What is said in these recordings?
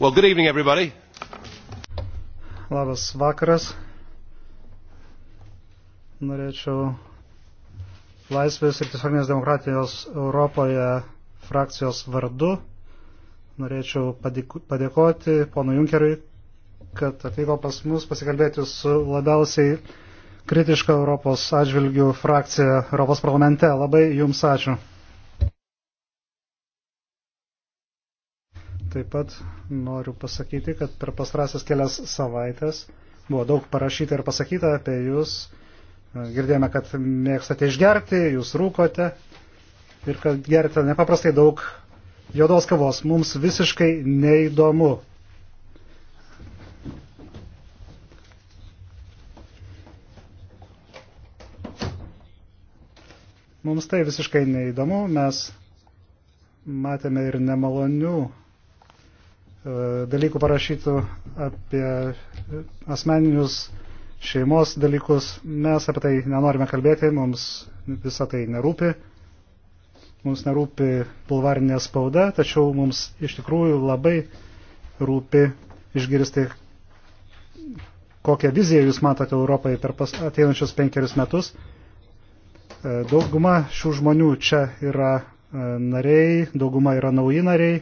Well, good evening, everybody. Labas vakaras. Norėčiau Laisvės ir tiesioginės demokratijos Europoje frakcijos vardu. Norėčiau padėkoti ponu Junkeriui, kad atvyko pas mus pasikalbėti su labiausiai kritiška Europos atžvilgių frakcija Europos parlamente. Labai jums ačiū. Taip pat noriu pasakyti, kad per pastrasias kelias savaitės buvo daug parašyta ir pasakyta apie jūs. Girdėjome, kad mėgstate išgerti, jūs rūkote ir kad gerite nepaprastai daug juodos kavos. Mums visiškai neįdomu. Mums tai visiškai neįdomu, mes matėme ir nemalonių E, dalykų parašytų apie asmeninius šeimos dalykus. Mes apie tai nenorime kalbėti, mums visą tai nerūpi. Mums nerūpi bulvarinė spauda, tačiau mums iš tikrųjų labai rūpi išgirsti, kokią viziją jūs matote Europai per ateinančius penkerius metus. E, dauguma šių žmonių čia yra e, nariai, dauguma yra nauji nariai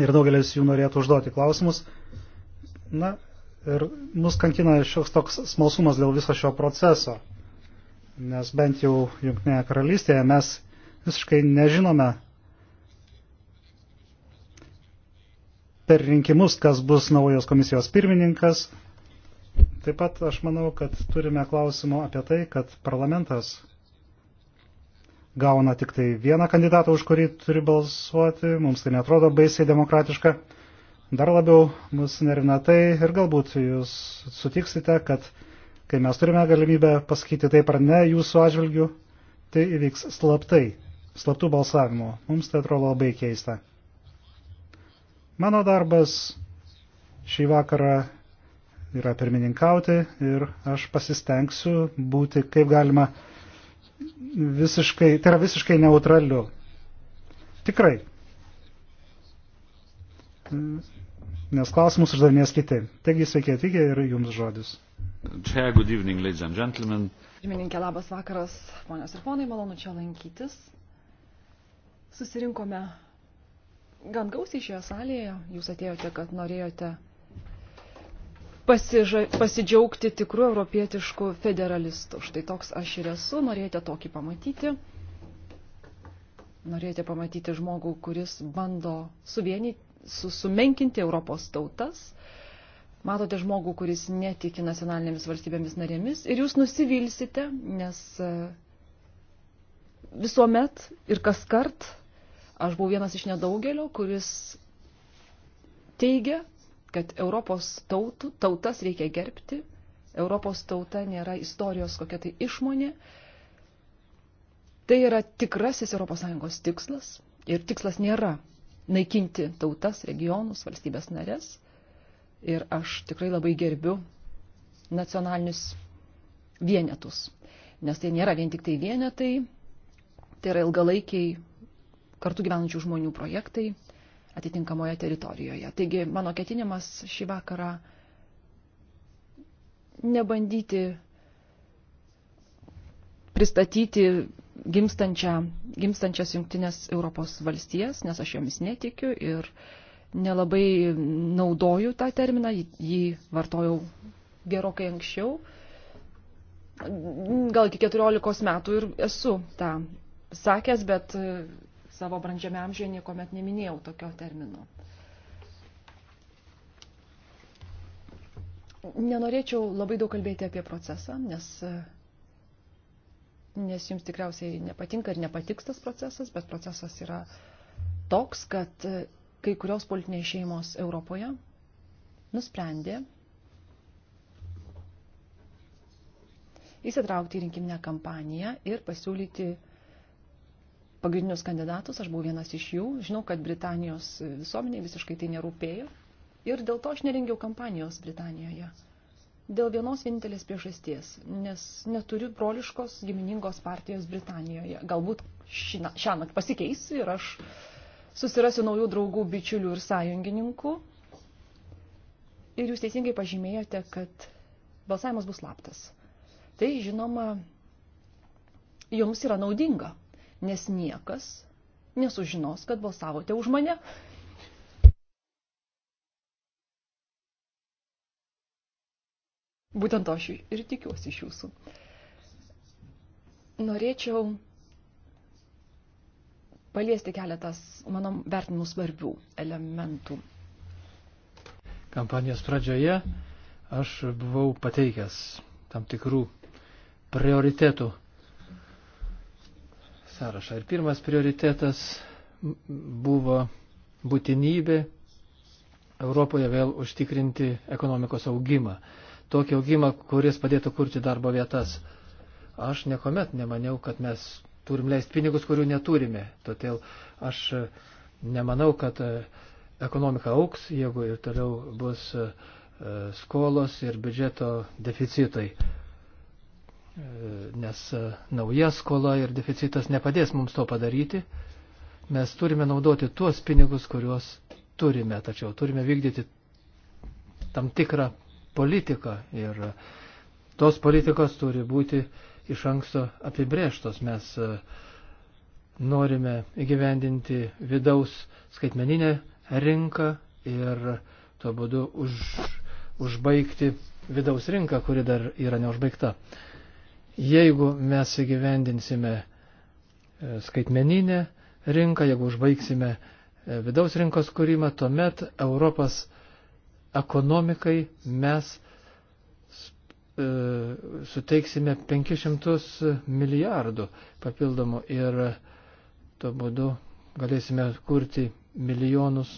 ir daugelis jų norėtų užduoti klausimus. Na, ir mus kankina šioks toks smalsumas dėl viso šio proceso, nes bent jau Junktinėje karalystėje mes visiškai nežinome per rinkimus, kas bus naujos komisijos pirmininkas. Taip pat aš manau, kad turime klausimų apie tai, kad parlamentas gauna tik tai vieną kandidatą, už kurį turi balsuoti. Mums tai netrodo baisiai demokratiška. Dar labiau mus nervina tai ir galbūt jūs sutiksite, kad kai mes turime galimybę pasakyti taip ar ne jūsų atžvilgių, tai įvyks slaptai, slaptų balsavimų. Mums tai atrodo labai keista. Mano darbas šį vakarą yra pirmininkauti ir aš pasistengsiu būti kaip galima visiškai, tai yra visiškai neutraliu. Tikrai. Nes klausimus uždavinės kiti. Taigi sveiki atvykę ir jums žodis. Čia, good evening, ladies and gentlemen. Žmininkė, labas vakaras, ponios ir ponai, malonu čia lankytis. Susirinkome gan gausiai šioje salėje. Jūs atėjote, kad norėjote pasiža, pasidžiaugti tikrų europietiškų federalistų. Štai toks aš ir esu, norėjote tokį pamatyti. Norėjote pamatyti žmogų, kuris bando suvienyti, su, sumenkinti Europos tautas. Matote žmogų, kuris netiki nacionalinėmis valstybėmis narėmis ir jūs nusivilsite, nes e, visuomet ir kas kart aš buvau vienas iš nedaugelio, kuris teigia, kad Europos tautų, tautas reikia gerbti, Europos tauta nėra istorijos kokia tai išmonė. Tai yra tikrasis ES tikslas ir tikslas nėra naikinti tautas, regionus, valstybės narės. Ir aš tikrai labai gerbiu nacionalinius vienetus, nes tai nėra vien tik tai vienetai, tai yra ilgalaikiai kartu gyvenančių žmonių projektai, atitinkamoje teritorijoje. Taigi mano ketinimas šį vakarą nebandyti pristatyti gimstančią, gimstančias jungtinės Europos valstijas, nes aš jomis netikiu ir nelabai naudoju tą terminą, jį vartojau gerokai anksčiau. Gal iki 14 metų ir esu tą sakęs, bet savo brandžiame amžiuje niekuomet neminėjau tokio termino. Nenorėčiau labai daug kalbėti apie procesą, nes, nes jums tikriausiai nepatinka ir nepatiks tas procesas, bet procesas yra toks, kad kai kurios politinės šeimos Europoje nusprendė įsitraukti į rinkiminę kampaniją ir pasiūlyti pagrindinius kandidatus, aš buvau vienas iš jų, žinau, kad Britanijos visuomeniai visiškai tai nerūpėjo ir dėl to aš nerengiau kampanijos Britanijoje. Dėl vienos vienintelės priežasties, nes neturiu broliškos giminingos partijos Britanijoje. Galbūt šią naktį pasikeisiu ir aš susirasiu naujų draugų, bičiulių ir sąjungininkų. Ir jūs teisingai pažymėjote, kad balsavimas bus slaptas. Tai, žinoma, jums yra naudinga nes niekas nesužinos, kad balsavote už mane. Būtent to aš ir tikiuosi iš jūsų. Norėčiau paliesti keletas, mano vertinimų, svarbių elementų. Kampanijos pradžioje aš buvau pateikęs tam tikrų prioritetų sąrašą. Ir pirmas prioritetas buvo būtinybė Europoje vėl užtikrinti ekonomikos augimą. Tokį augimą, kuris padėtų kurti darbo vietas. Aš niekuomet nemaniau, kad mes turim leisti pinigus, kurių neturime. Todėl aš e, nemanau, kad e, ekonomika auks, jeigu ir toliau bus e, skolos ir biudžeto deficitai nes e, nauja skola ir deficitas nepadės mums to padaryti. Mes turime naudoti tuos pinigus, kuriuos turime, tačiau turime vykdyti tam tikrą politiką ir tos politikos turi būti iš anksto apibrėžtos. Mes e, norime įgyvendinti vidaus skaitmeninę rinką ir tuo būdu už, užbaigti vidaus rinką, kuri dar yra neužbaigta. Jeigu mes įgyvendinsime e, skaitmeninę rinką, jeigu užbaigsime e, vidaus rinkos kūrimą, tuomet Europos ekonomikai mes e, suteiksime 500 milijardų papildomų ir tuo būdu galėsime kurti milijonus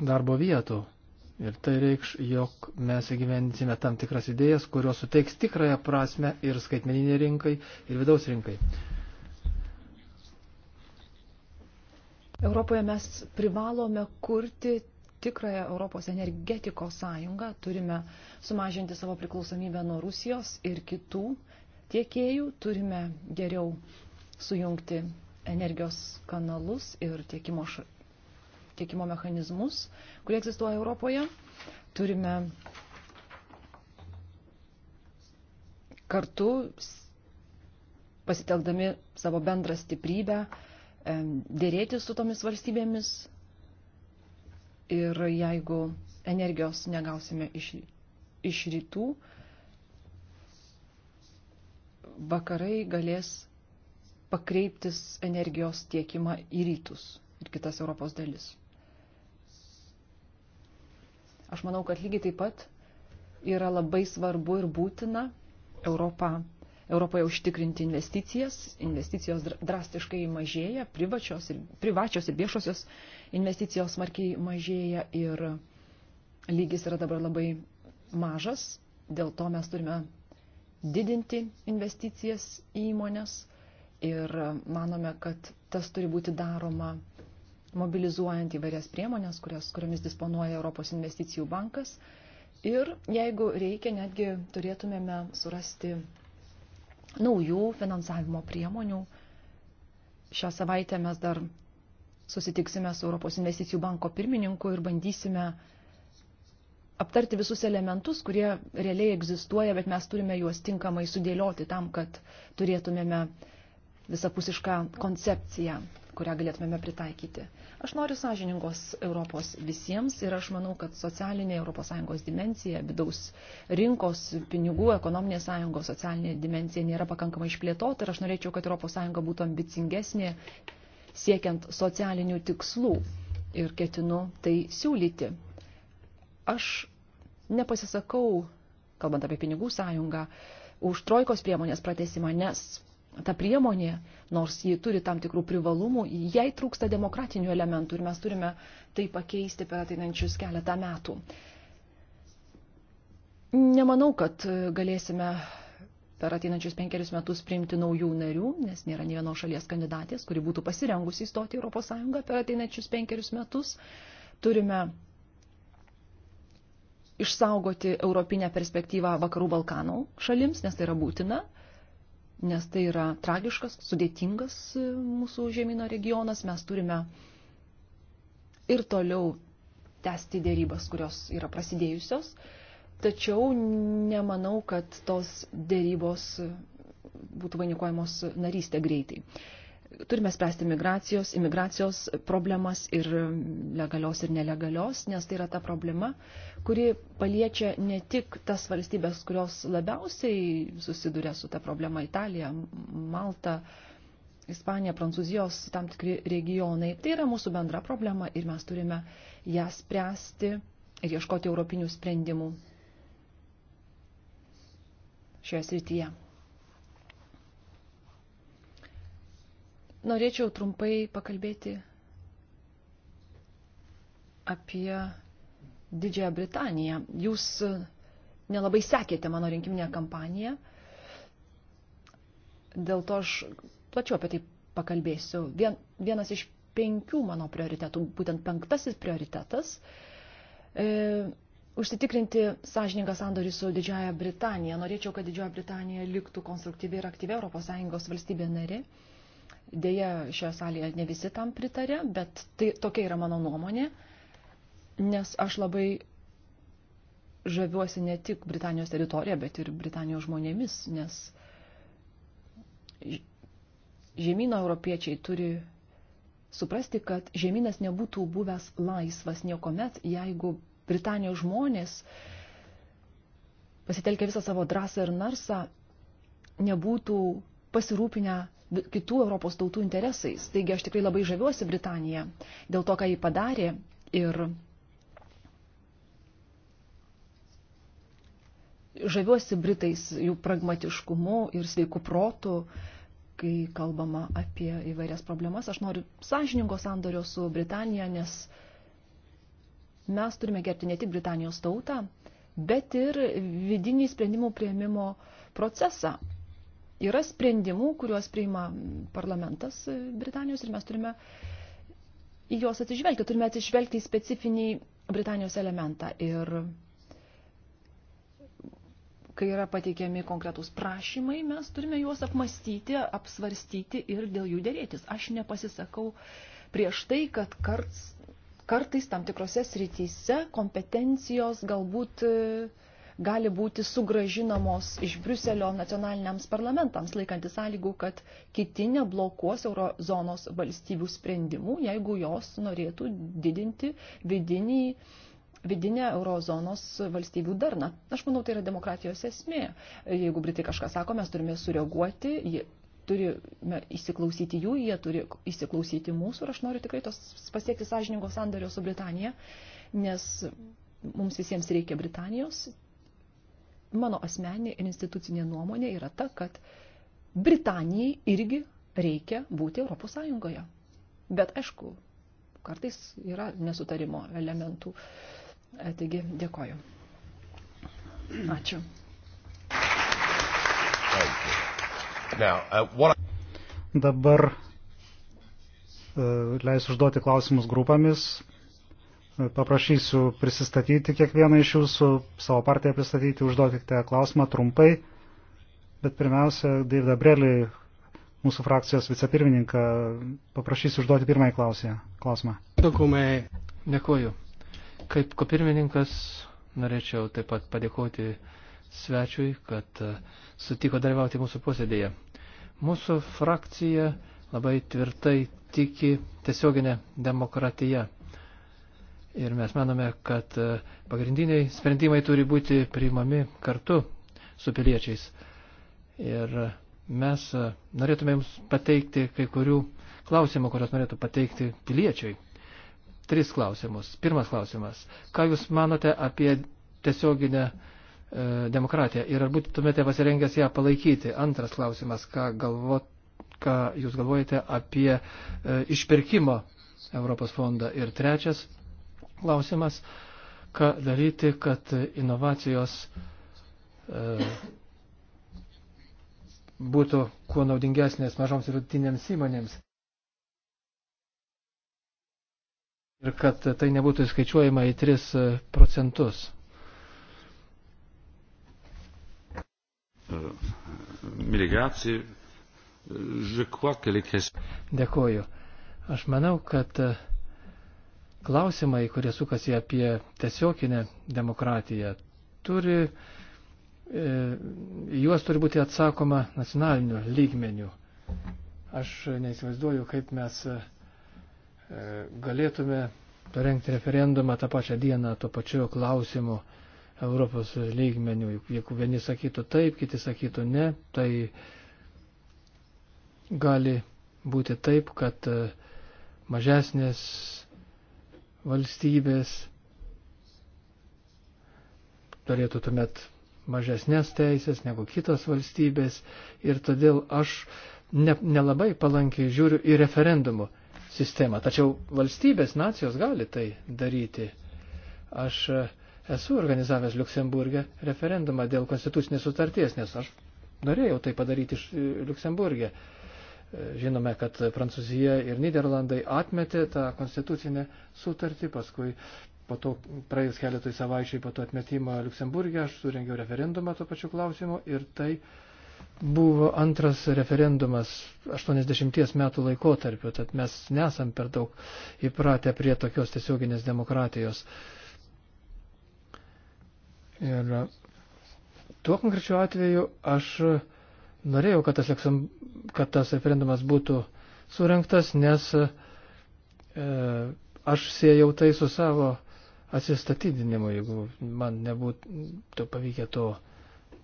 darbo vietų. Ir tai reikš, jog mes įgyvendinsime tam tikras idėjas, kurios suteiks tikrąją prasme ir skaitmeniniai rinkai, ir vidaus rinkai. Europoje mes privalome kurti tikrąją Europos energetikos sąjungą, turime sumažinti savo priklausomybę nuo Rusijos ir kitų tiekėjų, turime geriau sujungti energijos kanalus ir tiekimo š tiekimo mechanizmus, kurie egzistuoja Europoje. Turime kartu pasitelkdami savo bendrą stiprybę dėrėti su tomis valstybėmis ir jeigu energijos negausime iš, iš rytų, vakarai galės pakreiptis energijos tiekimą į rytus ir kitas Europos dalis. Aš manau, kad lygiai taip pat yra labai svarbu ir būtina Europą, Europoje užtikrinti investicijas. Investicijos drastiškai mažėja, privačios ir, privačios ir viešosios investicijos smarkiai mažėja ir lygis yra dabar labai mažas. Dėl to mes turime didinti investicijas į įmonės ir manome, kad tas turi būti daroma mobilizuojant įvairias priemonės, kurios, kuriomis disponuoja Europos investicijų bankas. Ir jeigu reikia, netgi turėtumėme surasti naujų finansavimo priemonių. Šią savaitę mes dar susitiksime su Europos investicijų banko pirmininku ir bandysime aptarti visus elementus, kurie realiai egzistuoja, bet mes turime juos tinkamai sudėlioti tam, kad turėtumėme visapusišką koncepciją kurią galėtumėme pritaikyti. Aš noriu sąžiningos Europos visiems ir aš manau, kad socialinė ES dimencija, vidaus rinkos, pinigų, ekonominė sąjungos socialinė dimencija nėra pakankamai išplėtota ir aš norėčiau, kad ES būtų ambicingesnė siekiant socialinių tikslų ir ketinu tai siūlyti. Aš nepasisakau, kalbant apie pinigų sąjungą, už trojkos priemonės pratesimą, nes ta priemonė, nors ji turi tam tikrų privalumų, jai trūksta demokratinių elementų ir mes turime tai pakeisti per ateinančius keletą metų. Nemanau, kad galėsime per ateinančius penkerius metus priimti naujų narių, nes nėra nė vienos šalies kandidatės, kuri būtų pasirengusi įstoti Europos Sąjungą per ateinančius penkerius metus. Turime išsaugoti europinę perspektyvą Vakarų Balkanų šalims, nes tai yra būtina nes tai yra tragiškas, sudėtingas e, mūsų žemino regionas. Mes turime ir toliau tęsti dėrybas, kurios yra prasidėjusios, tačiau nemanau, kad tos dėrybos būtų vainikuojamos narystė greitai turime spręsti migracijos, imigracijos problemas ir legalios ir nelegalios, nes tai yra ta problema, kuri paliečia ne tik tas valstybės, kurios labiausiai susiduria su ta problema - Italija, Malta, Ispanija, Prancūzijos tam tikri regionai. Tai yra mūsų bendra problema ir mes turime ją spręsti ir ieškoti europinių sprendimų šioje srityje. Norėčiau trumpai pakalbėti apie Didžiąją Britaniją. Jūs nelabai sekėte mano rinkiminę kampaniją, dėl to aš plačiau apie tai pakalbėsiu. Vien, vienas iš penkių mano prioritetų, būtent penktasis prioritetas e, - užsitikrinti sąžiningą sandorį su Didžiaja Britanija. Norėčiau, kad Didžioja Britanija liktų konstruktyvi ir aktyvi ES valstybė nari. E, Deja, šioje salėje ne visi tam pritarė, bet tai, tokia yra mano nuomonė, nes aš labai žaviuosi ne tik Britanijos teritoriją, bet ir Britanijos žmonėmis, nes žemyno europiečiai turi suprasti, kad žemynas nebūtų buvęs laisvas niekuomet, jeigu Britanijos žmonės pasitelkę visą savo drąsą ir narsą nebūtų pasirūpinę kitų Europos tautų interesais. Taigi aš tikrai labai žaviuosi Britaniją dėl to, ką jį padarė ir žaviuosi Britais jų pragmatiškumu ir sveiku protu, kai kalbama apie įvairias problemas. Aš noriu sąžininko sandorio su Britanija, nes mes turime gerti ne tik Britanijos tautą, bet ir vidinį sprendimų prieimimo procesą. Yra sprendimų, kuriuos priima parlamentas Britanijos ir mes turime į juos atsižvelgti. Turime atsižvelgti į specifinį Britanijos elementą. Ir kai yra pateikiami konkretūs prašymai, mes turime juos apmastyti, apsvarstyti ir dėl jų dėrėtis. Aš nepasisakau prieš tai, kad karts, kartais tam tikrose srityse kompetencijos galbūt uh, gali būti sugražinamos iš Briuselio nacionaliniams parlamentams, laikantis sąlygų, kad kiti neblokuos eurozonos valstybių sprendimų, jeigu jos norėtų didinti vidinį, vidinę eurozonos valstybių darną. Aš manau, tai yra demokratijos esmė. Jeigu Britai kažką sako, mes turime sureaguoti. Turime įsiklausyti jų, jie turi įsiklausyti mūsų ir aš noriu tikrai tos pasiekti sąžiningo sandario su Britanija, nes mums visiems reikia Britanijos, mano asmeninė ir institucinė nuomonė yra ta, kad Britanijai irgi reikia būti Europos Sąjungoje. Bet aišku, kartais yra nesutarimo elementų. E, taigi, dėkoju. Ačiū. Uh, Dabar e, leisiu užduoti klausimus grupėmis paprašysiu prisistatyti kiekvieną iš jūsų, savo partiją pristatyti, užduokite klausimą trumpai. Bet pirmiausia, Davidą Brelį, mūsų frakcijos vicepirmininką, paprašysiu užduoti pirmąjį klausimą. Dėkumai. Dėkuoju. Kaip kopirmininkas norėčiau taip pat padėkoti svečiui, kad e, sutiko dalyvauti mūsų posėdėje. Mūsų frakcija labai tvirtai tiki tiesioginę demokratiją Ir mes manome, kad e, pagrindiniai sprendimai turi būti priimami kartu su piliečiais. Ir mes e, norėtume jums pateikti kai kurių klausimų, kurios norėtų pateikti piliečiai. Tris klausimus. Pirmas klausimas. Ką Jūs manote apie tiesioginę e, demokratiją ir ar būtumėte pasirengęs ją palaikyti? Antras klausimas. Ką, galvot, ką Jūs galvojate apie e, išpirkimo Europos fondą? Ir trečias klausimas, ką daryti, kad inovacijos e, būtų kuo naudingesnės mažoms ir vidutinėms įmonėms. Ir kad tai nebūtų įskaičiuojama į 3 e, procentus. Dėkuoju. Aš manau, kad e, klausimai, kurie sukasi apie tiesioginę demokratiją, turi, e, juos turi būti atsakoma nacionaliniu lygmeniu. Aš neįsivaizduoju, kaip mes e, galėtume parengti referendumą tą pačią dieną tuo pačiu klausimu Europos lygmeniu. Jeigu vieni sakytų taip, kiti sakytų ne, tai gali būti taip, kad e, mažesnės valstybės turėtų tuomet mažesnės teisės negu kitos valstybės ir todėl aš ne, nelabai palankiai žiūriu į referendumo sistemą. Tačiau valstybės, nacijos gali tai daryti. Aš e, esu organizavęs Luksemburgė referendumą dėl konstitucinės sutarties, nes aš norėjau tai padaryti iš Luksemburgė. E, Žinome, kad Prancūzija ir Niderlandai atmetė tą konstitucinę sutartį, paskui po to praėjus keletui savaičiai po to atmetimo Luksemburgė aš surengiau referendumą tuo pačiu klausimu ir tai buvo antras referendumas 80 metų laikotarpiu, tad mes nesam per daug įpratę prie tokios tiesioginės demokratijos. Ir tuo konkrečiu atveju aš norėjau, kad tas kad tas referendumas būtų surinktas, nes e, aš siejau tai su savo atsistatydinimu, jeigu man nebūtų pavykę to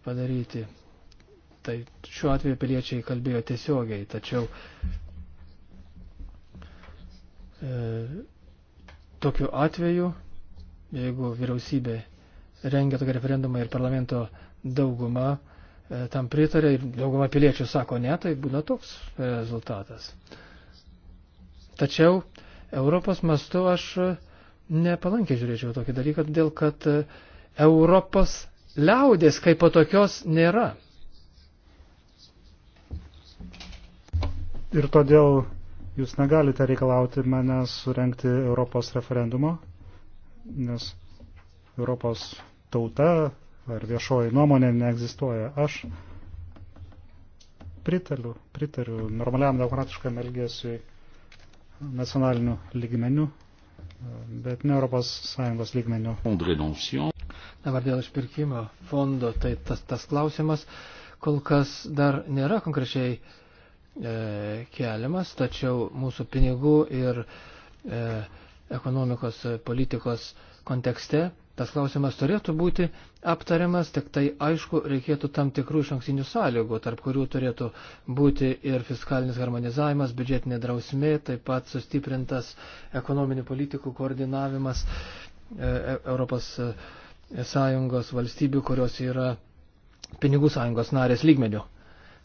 padaryti. Tai šiuo atveju piliečiai kalbėjo tiesiogiai, tačiau e, tokiu atveju, jeigu vyriausybė rengia tokį referendumą ir parlamento dauguma E, tam pritarė ir dauguma piliečių sako ne, tai būna toks rezultatas. Tačiau Europos mastu aš nepalankiai žiūrėčiau tokį dalyką, dėl kad Europos liaudės kaip po tokios nėra. Ir todėl jūs negalite reikalauti manęs surenkti Europos referendumo, nes Europos tauta ar viešoji nuomonė neegzistuoja. Aš pritariu, pritariu normaliam demokratiškam elgesiui nacionaliniu lygmeniu, bet ne ES lygmeniu. Dabar dėl išpirkimo fondo, tai tas, tas klausimas kol kas dar nėra konkrečiai e, keliamas, tačiau mūsų pinigų ir e, ekonomikos politikos kontekste tas klausimas turėtų būti aptariamas, tik tai aišku, reikėtų tam tikrų iš anksinių sąlygų, tarp kurių turėtų būti ir fiskalinis harmonizavimas, biudžetinė drausmė, taip pat sustiprintas ekonominių politikų koordinavimas e, e, Europos e, Sąjungos valstybių, kurios yra pinigų sąjungos narės lygmenių.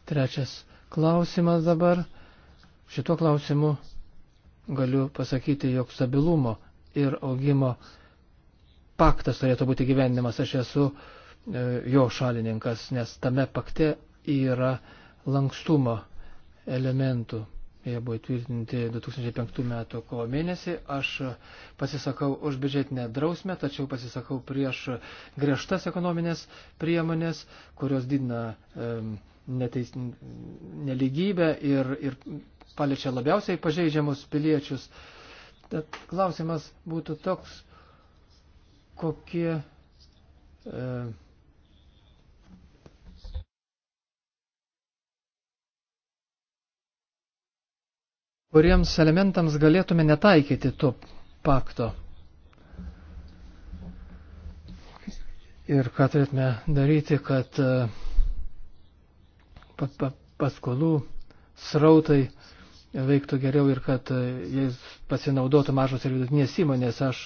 Trečias klausimas dabar. Šituo klausimu galiu pasakyti, jog stabilumo ir augimo paktas turėtų būti gyvenimas. Aš esu e, jo šalininkas, nes tame pakte yra lankstumo elementų. Jie buvo įtvirtinti 2005 metų kovo mėnesį. Aš pasisakau už biudžetinę drausmę, tačiau pasisakau prieš griežtas ekonominės priemonės, kurios didina um, neteis, neligybę ir, ir paliečia labiausiai pažeidžiamus piliečius. Tad klausimas būtų toks, kokie. E, kuriems elementams galėtume netaikyti to pakto. Ir ką turėtume daryti, kad e, pa, pa, paskolų srautai veiktų geriau ir kad e, jais pasinaudotų mažos ir vidutinės įmonės. Aš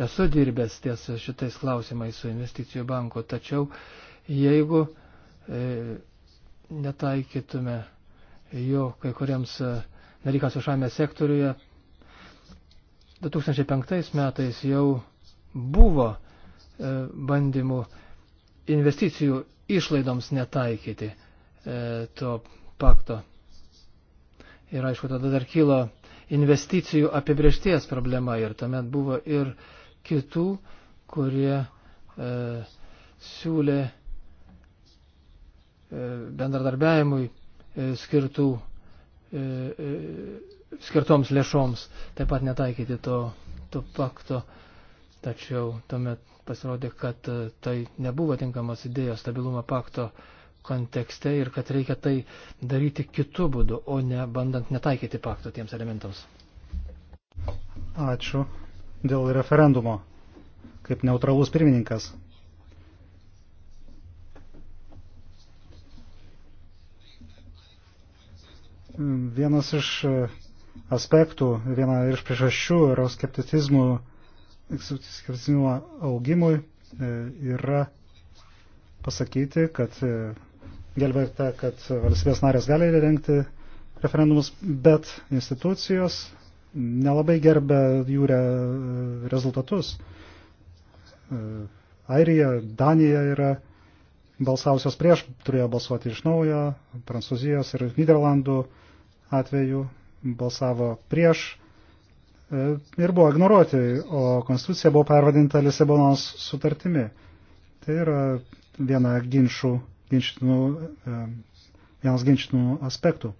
Esu dirbęs ties šitais klausimais su investicijų banku, tačiau jeigu e, netaikytume jo kai kuriems e, dalykams viešame sektoriuje, 2005 metais jau buvo e, bandymų investicijų išlaidoms netaikyti e, to pakto. Ir aišku, tada dar kilo investicijų apibriešties problema ir tuomet buvo ir e, kitų, kurie e, siūlė e, bendradarbiavimui e, skirtų, e, e, skirtoms lėšoms taip pat netaikyti to, to pakto. Tačiau tuomet pasirodė, kad e, tai nebuvo tinkamas idėjos stabilumo pakto kontekste ir kad reikia tai daryti kitų būdų, o ne bandant netaikyti pakto tiems elementams. Ačiū dėl referendumo kaip neutralus pirmininkas. Vienas iš aspektų, viena iš priežasčių euroskepticizmų skepticizmo augimui e, yra pasakyti, kad e, gelbėta, kad valstybės narės gali rengti referendumus, bet institucijos nelabai gerbė jų re, rezultatus. E, Airija, Danija yra balsavusios prieš, turėjo balsuoti iš naujo, Prancūzijos ir Niderlandų atveju balsavo prieš e, ir buvo ignoruoti, o konstitucija buvo pervadinta Lisabonos sutartimi. Tai yra viena ginčių, ginčytinų, e, vienas ginčytinų aspektų.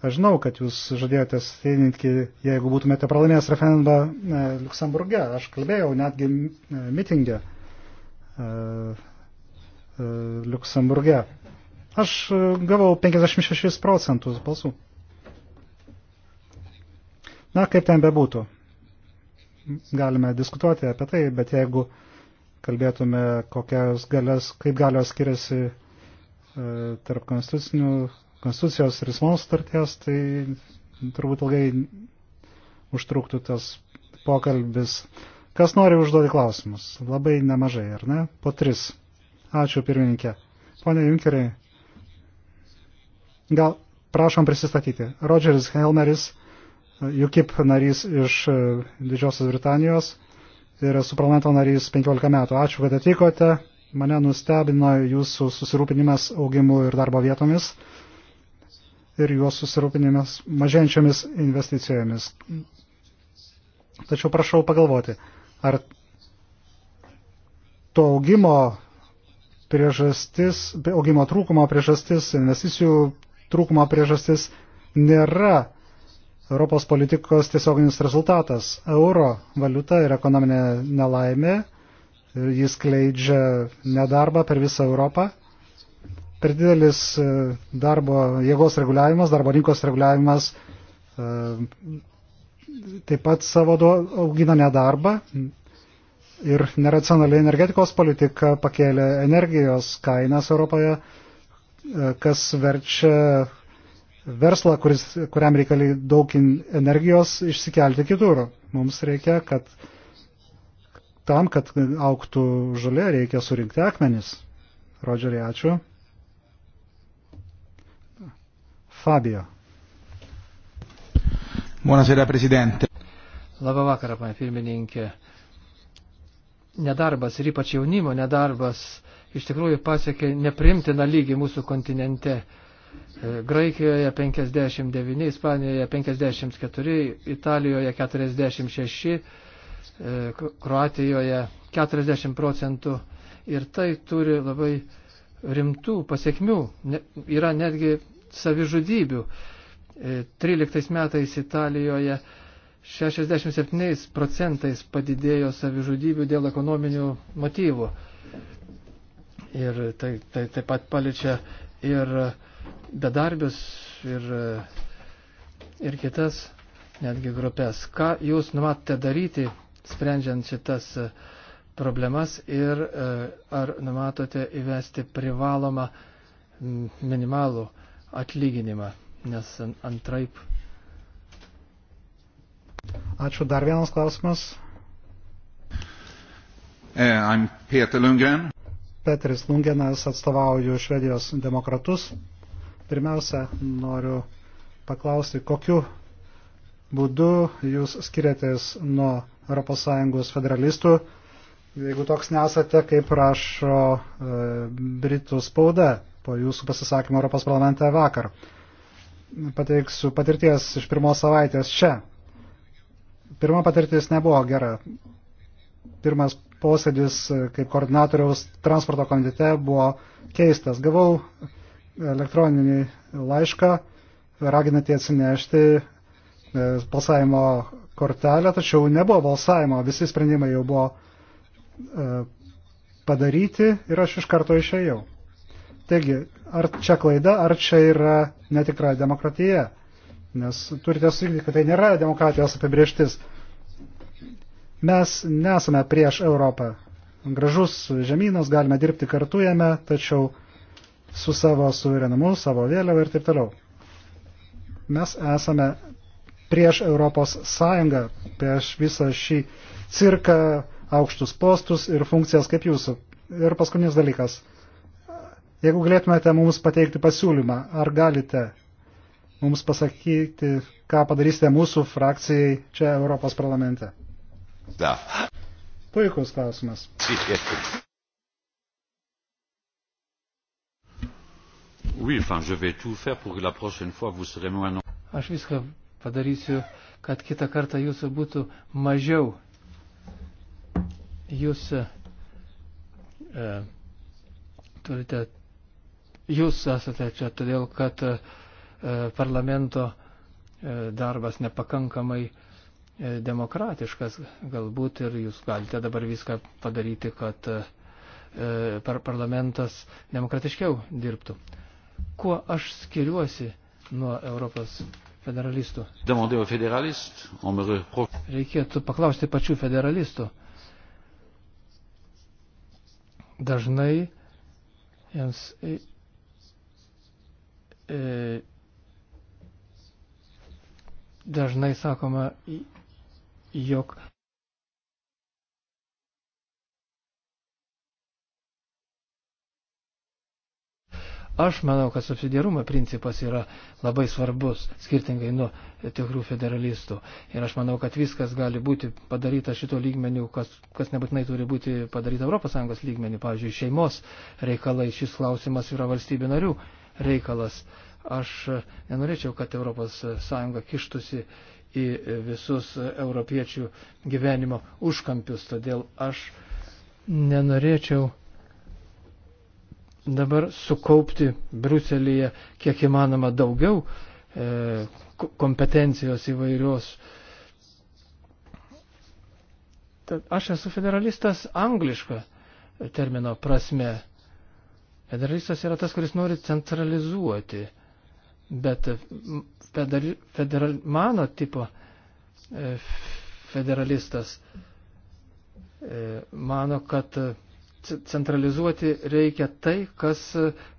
Aš žinau, kad jūs žadėjote steininti, jeigu būtumėte pralaimėjęs referendumą e, Luksemburge. Aš kalbėjau netgi e, mitingę e, Luksemburge. Aš gavau 56 procentus balsų. Na, kaip ten bebūtų. Galime diskutuoti apie tai, bet jeigu kalbėtume, kokias galios, kaip galios skiriasi tarp konstitucinių konstitucijos ir Lisbonos sutarties, tai turbūt ilgai užtruktų tas pokalbis. Kas nori užduoti klausimus? Labai nemažai, ar ne? Po tris. Ačiū pirmininkė. Pone Junkeriai, gal prašom prisistatyti. Rodžeris Helmeris, UKIP narys iš e, Didžiosios Britanijos ir esu parlamento narys 15 metų. Ačiū, kad atvykote. Mane nustebino jūsų susirūpinimas augimu ir darbo vietomis ir juos susirūpinimas mažėjančiomis investicijomis. Tačiau prašau pagalvoti, ar to augimo priežastis, augimo trūkumo priežastis, investicijų trūkumo priežastis nėra Europos politikos tiesioginis rezultatas. Euro valiuta ir ekonominė nelaimė, jis kleidžia nedarbą per visą Europą per didelis e, darbo jėgos reguliavimas, darbo rinkos reguliavimas e, taip pat savo augina nedarbą ir neracionaliai energetikos politika pakėlė energijos kainas Europoje, e, kas verčia verslą, kuris, kuriam reikali daug energijos, išsikelti kitur. Mums reikia, kad tam, kad auktų žalė, reikia surinkti akmenis. Rodžeriai, ačiū. Fabio. Buonasera, prezidente. Labą vakarą, pane pirmininkė. Nedarbas ir ypač jaunimo nedarbas iš tikrųjų pasiekė neprimtiną lygį mūsų kontinente. E, Graikijoje 59, Ispanijoje 54, Italijoje 46, e, Kroatijoje 40 procentų ir tai turi labai rimtų pasiekmių. Ne, yra netgi savižudybių. 13 e, metais Italijoje 67 procentais padidėjo savižudybių dėl ekonominių motyvų. Ir tai, tai taip pat paliečia ir bedarbius, ir, ir kitas netgi grupės. Ką jūs numatote daryti, sprendžiant šitas e, problemas ir e, ar numatote įvesti privalomą minimalų atlyginimą, nes antraip. Ačiū. Dar vienas klausimas. E, I'm Peter Lundgren. Petris Lungenas atstovauju Švedijos demokratus. Pirmiausia, noriu paklausti, kokiu būdu jūs skiriatės nuo ES federalistų, jeigu toks nesate, kaip rašo e, Britų spauda po jūsų pasisakymo Europos parlamente vakar. Pateiksiu patirties iš pirmos savaitės čia. Pirma patirtis nebuvo gera. Pirmas posėdis e, kaip koordinatoriaus transporto komitete buvo keistas. Gavau elektroninį laišką, raginantį atsinešti e, balsavimo kortelę, tačiau nebuvo balsavimo, visi sprendimai jau buvo e, padaryti ir aš iš karto išėjau. Taigi, ar čia klaida, ar čia yra netikra demokratija? Nes turite sutikti, kad tai nėra demokratijos apibrieštis. Mes nesame prieš Europą. Gražus žemynas, galime dirbti kartu jame, tačiau su savo suverenumu, savo vėliava ir taip toliau. Mes esame prieš Europos Sąjungą, prieš visą šį cirką, aukštus postus ir funkcijas kaip jūsų. Ir paskutinis dalykas. Jeigu galėtumėte mums pateikti pasiūlymą, ar galite mums pasakyti, ką padarysite mūsų frakcijai čia Europos parlamente? Da. Puikus klausimas. Oui, enfin, je vais tout faire pour que la prochaine fois vous serez moins nombreux. Aš viską padarysiu, kad kitą kartą jūsų būtų mažiau. Jūs e, turite jūs esate čia, todėl kad e, parlamento e, darbas nepakankamai e, demokratiškas. Galbūt ir jūs galite dabar viską padaryti, kad par parlamentas demokratiškiau dirbtų. Kuo aš skiriuosi nuo Europos federalistų? Reikėtų paklausti pačių federalistų. Dažnai jiems e, dažnai sakoma, jog Aš manau, kad subsidiarumo principas yra labai svarbus, skirtingai nuo tikrų federalistų. Ir aš manau, kad viskas gali būti padaryta šito lygmeniu, kas, kas nebūtinai turi būti padaryta ES lygmeniu. Pavyzdžiui, šeimos reikalai šis klausimas yra valstybių narių reikalas. Aš nenorėčiau, kad ES kištusi į visus europiečių gyvenimo užkampius, todėl aš nenorėčiau dabar sukaupti Bruselėje kiek įmanoma daugiau e, kompetencijos įvairios. Tad aš esu federalistas angliška termino prasme. Federalistas yra tas, kuris nori centralizuoti, bet federal, federal, mano tipo e, federalistas e, mano, kad centralizuoti reikia tai, kas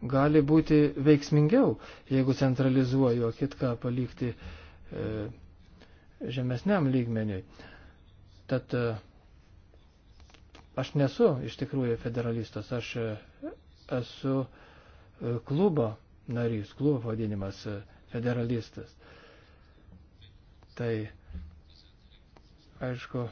gali būti veiksmingiau, jeigu centralizuoju, o kitką palikti e, žemesniam lygmeniui. Tad aš nesu iš tikrųjų federalistas, aš esu e, klubo narys, klubo vadinimas e, federalistas. Tai aišku,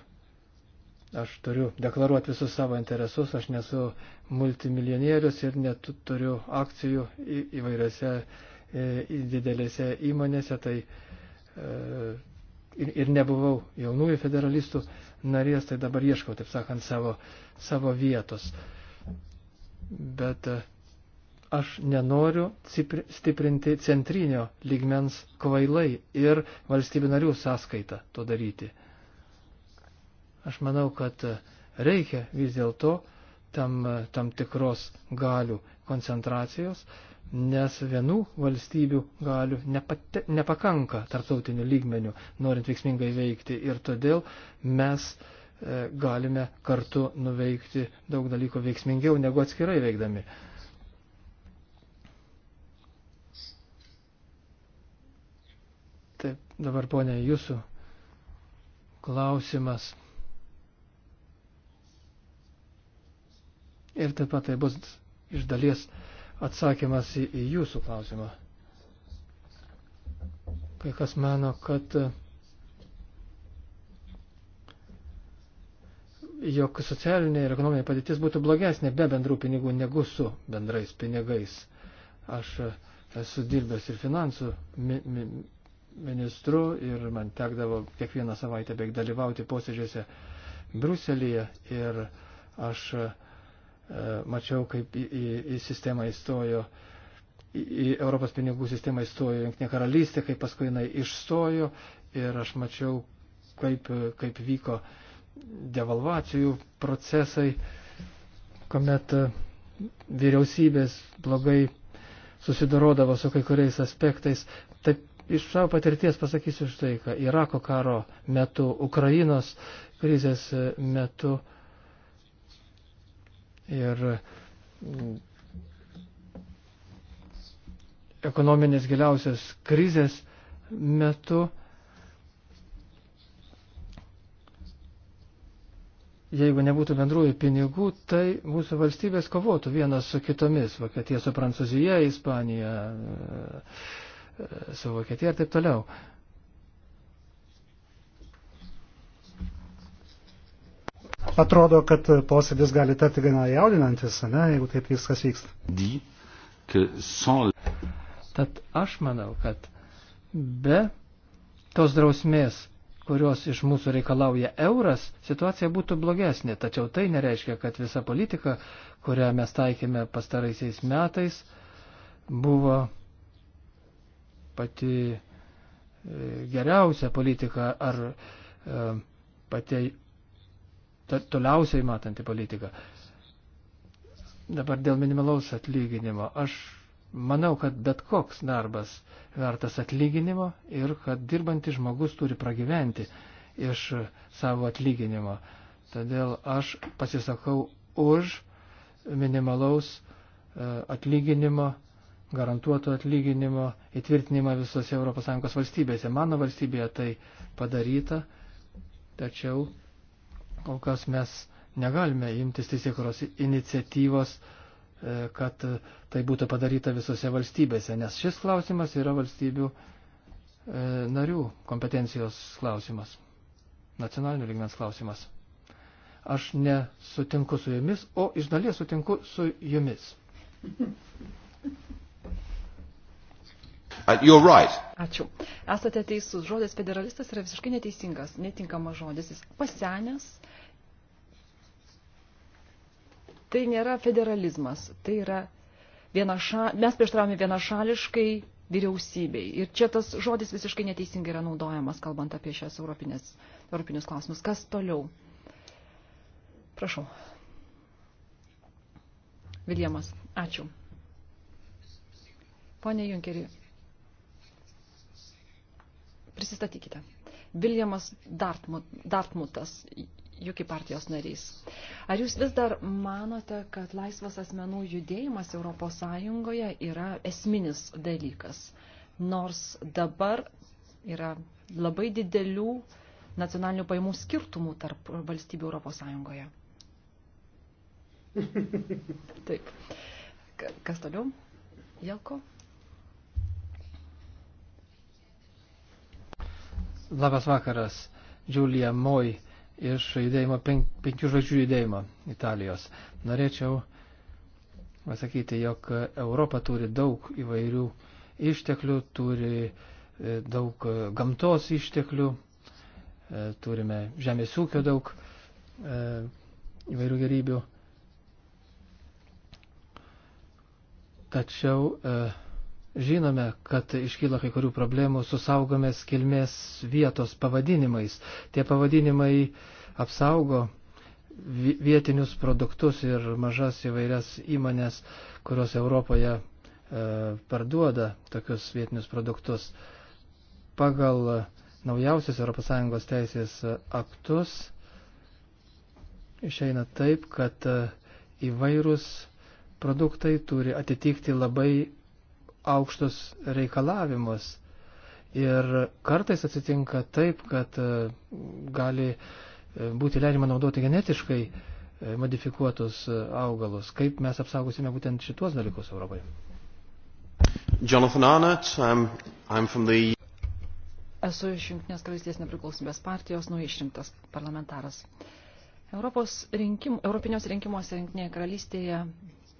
aš turiu deklaruoti visus savo interesus, aš nesu multimilionierius ir net turiu akcijų į, įvairiose e, į didelėse įmonėse, tai e, ir, ir nebuvau jaunųjų federalistų narės, tai dabar ieškau, taip sakant, savo, savo vietos. E, bet e, aš nenoriu stiprinti centrinio lygmens kvailai ir valstybių narių sąskaitą to daryti. Aš manau, kad e, reikia vis dėlto tam, e, tam tikros galių koncentracijos, nes vienų valstybių galių nepate, nepakanka tarptautinių lygmenių, norint veiksmingai veikti. Ir todėl mes uh, E, galime kartu nuveikti daug dalykų veiksmingiau negu atskirai veikdami. Taip, dabar ponė, jūsų klausimas. Ir taip pat tai bus iš dalies atsakymas į, į jūsų klausimą. Kai kas mano, kad uh, jog socialinė ir ekonominė padėtis būtų blogesnė be bendrų pinigų negu su bendrais pinigais. Aš esu dirbęs ir finansų mi, mi, ministru ir man tekdavo kiekvieną savaitę beveik dalyvauti posėdžiuose Bruselėje ir aš e, mačiau, kaip į, į, į sistemą įstojo, į, į Europos pinigų sistemą įstojo Junktinė karalystė, kaip paskui jinai išstojo ir aš mačiau, kaip, kaip vyko e, devalvacijų procesai, kuomet e, vyriausybės blogai susidorodavo su kai kuriais aspektais. Taip iš savo patirties pasakysiu štai, kad Irako karo metu, Ukrainos krizės e, metu ir mm, ekonominės giliausios krizės metu jeigu nebūtų bendrųjų pinigų, tai mūsų valstybės kovotų vienas su kitomis, Vokietija su Prancūzija, Ispanija, e, e, su Vokietija ir taip toliau. Atrodo, kad posėdis gali tapti gana jaudinantis, ne, jeigu taip viskas vyksta. Tad aš manau, kad be tos drausmės kurios iš mūsų reikalauja euras, situacija būtų blogesnė. Tačiau tai nereiškia, kad visa politika, kurią mes taikėme pastaraisiais metais, buvo pati e, geriausia politika ar e, pati toliausiai matanti politika. Dabar dėl minimalaus atlyginimo. Aš Manau, kad bet koks darbas vertas atlyginimo ir kad dirbantis žmogus turi pragyventi iš savo atlyginimo. Todėl aš pasisakau už minimalaus e, atlyginimo, garantuoto atlyginimo įtvirtinimą visose ES valstybėse. Mano valstybėje tai padaryta, tačiau kol kas mes negalime imtis teisėkuros iniciatyvos, uh, E, kad tai būtų padaryta visose valstybėse, nes šis klausimas yra valstybių e, narių kompetencijos klausimas, nacionalinių lygmens klausimas. Aš nesutinku su jumis, o iš dalies sutinku su jumis. Uh, you're right. Ačiū. Esate teisus. Žodis federalistas yra visiškai neteisingas, netinkamas žodis. Jis pasenęs, uh, Tai nėra federalizmas, tai yra vienaša, mes prieštaravome vienašališkai vyriausybei. Ir čia tas žodis visiškai neteisingai yra naudojamas, kalbant apie šias europinės, europinius klausimus. Kas toliau? Prašau. Viljamas, ačiū. Pone Junkeri, prisistatykite. Viljamas Dartmut, Dartmutas, jokių partijos narys. Ar jūs vis dar manote, kad laisvas asmenų judėjimas ES yra esminis dalykas, nors dabar yra labai didelių nacionalinių pajamų skirtumų tarp valstybių ES? Taip. Kas toliau? Jelko? Labas vakaras, Julia Moy iš judėjimo, penk, penkių žodžių judėjimo Italijos. Norėčiau pasakyti, jog Europa turi daug įvairių išteklių, turi e, daug e, gamtos išteklių, e, turime žemės ūkio daug įvairių gerybių. Tačiau e, Žinome, kad iškyla kai kurių problemų su saugomės kilmės vietos pavadinimais. Tie pavadinimai apsaugo vietinius produktus ir mažas įvairias įmonės, kurios Europoje e, parduoda tokius vietinius produktus. Pagal naujausius ES teisės aktus išeina taip, kad e, įvairūs produktai turi atitikti labai aukštus reikalavimus. Ir kartais atsitinka taip, kad e, gali e, būti leidžiama naudoti genetiškai e, modifikuotus augalus. Kaip mes apsaugosime būtent šitos dalykus Europoje? Jonathan Arnott, um, I'm from the... Esu iš Junktinės karalystės nepriklausomybės partijos nuišrinktas parlamentaras. Europos rinkim, Europiniuose rinkimuose Junktinėje karalystėje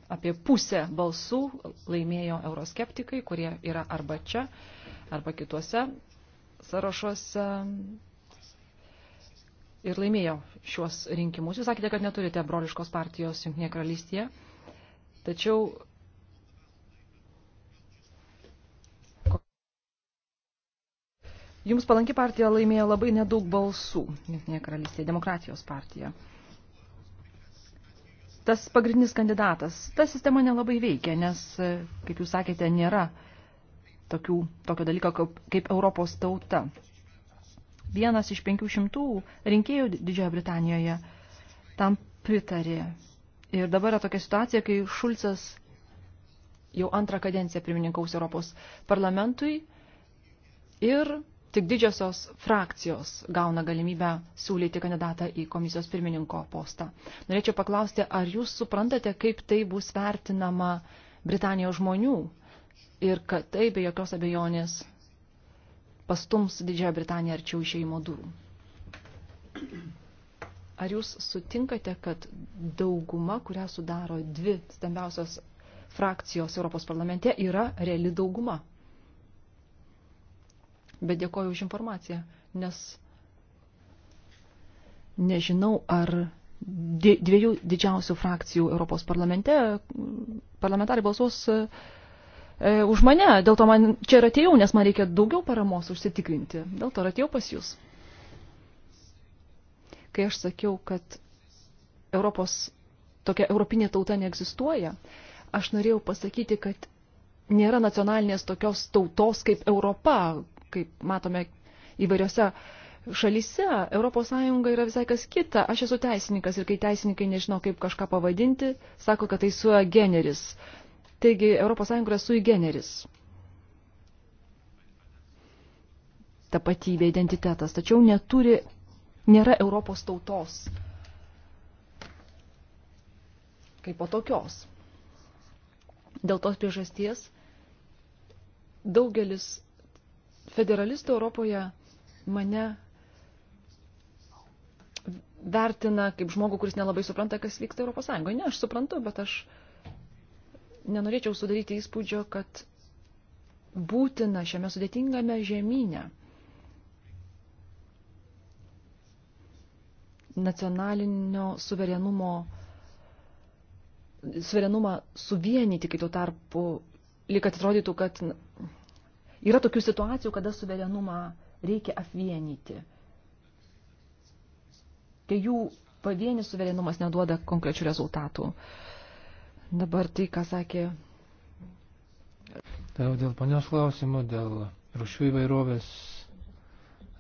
apie pusę balsų laimėjo euroskeptikai, kurie yra arba čia, arba kituose sąrašuose ir laimėjo šiuos rinkimus. Jūs sakėte, kad neturite broliškos partijos Junktinėje karalystėje, tačiau jums palanki partija laimėjo labai nedaug balsų Junktinėje karalystėje, demokratijos partija tas pagrindinis kandidatas. Ta sistema nelabai veikia, nes, e, kaip jūs sakėte, nėra tokių, tokio dalyko kaip, kaip Europos tauta. Vienas iš penkių šimtų rinkėjų Didžiojo Britanijoje tam pritarė. Ir dabar yra tokia situacija, kai Šulcas jau antrą kadenciją pirmininkaus Europos parlamentui ir tik didžiosios frakcijos gauna galimybę siūlyti kandidatą į komisijos pirmininko postą. Norėčiau paklausti, ar jūs suprantate, kaip tai bus vertinama Britanijos žmonių ir kad tai be jokios abejonės pastums Didžiąją Britaniją arčiau išeimo durų. Ar jūs sutinkate, kad dauguma, kurią sudaro dvi stambiausios frakcijos Europos parlamente, yra reali dauguma? bet dėkoju už informaciją, nes nežinau, ar dviejų didžiausių frakcijų Europos parlamente parlamentarai balsuos e, už mane. Dėl to man čia ir atėjau, nes man reikia daugiau paramos užsitikrinti. Dėl to ir atėjau pas jūs. Kai aš sakiau, kad Europos tokia europinė tauta neegzistuoja, aš norėjau pasakyti, kad nėra nacionalinės tokios tautos kaip Europa, kaip matome įvairiose šalyse, ES yra visai kas kita. Aš esu teisininkas ir kai teisininkai nežino, kaip kažką pavadinti, sako, kad tai sui generis. Taigi ES yra sui generis. Tapatybė, identitetas, tačiau neturi, nėra Europos tautos kaip po tokios. Dėl tos priežasties daugelis federalistai Europoje mane vertina kaip žmogų, kuris nelabai supranta, kas vyksta Europos Sąjungoje. Ne, aš suprantu, bet aš nenorėčiau sudaryti įspūdžio, kad būtina šiame sudėtingame žemynė nacionalinio suverenumo suverenumą suvienyti, kai tuo tarpu lyg atrodytų, kad Yra tokių situacijų, kada suverenumą reikia apvienyti. Kai jų pavienis suverenumas neduoda konkrečių rezultatų. Dabar tai, ką sakė. Tai dėl panios klausimų, dėl rušių įvairovės,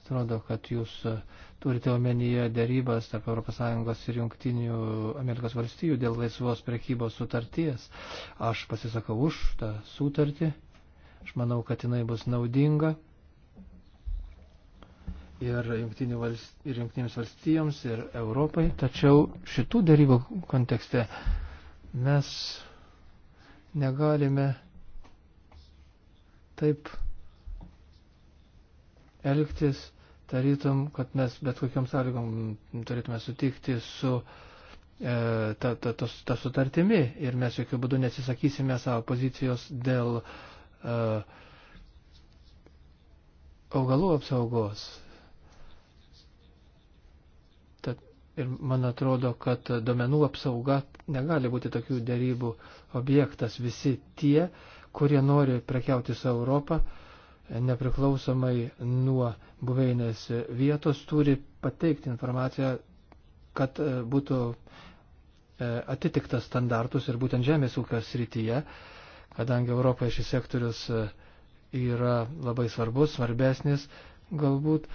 atrodo, kad jūs e, turite omenyje dėrybas tarp ES ir Junktinių Amerikos valstijų dėl laisvos prekybos sutarties. Aš pasisakau už tą sutartį. Aš manau, kad jinai bus naudinga ir, valst, ir jungtinėms valstijoms, ir Europai. Tačiau šitų darybų kontekste mes negalime taip elgtis, tarytum, kad mes bet kokiam sąlygom turėtume sutikti su e, ta, ta, ta, ta sutartimi ir mes jokių būdų nesisakysime savo pozicijos dėl e, E, augalų apsaugos. Tad ir man atrodo, kad domenų apsauga negali būti tokių dėrybų objektas. Visi tie, kurie nori prekiauti su Europą, nepriklausomai nuo buveinės vietos, turi pateikti informaciją, kad e, būtų e, atitiktas standartus ir būtent žemės ūkio srityje kadangi Europoje šis sektorius e, yra labai svarbus, svarbesnis galbūt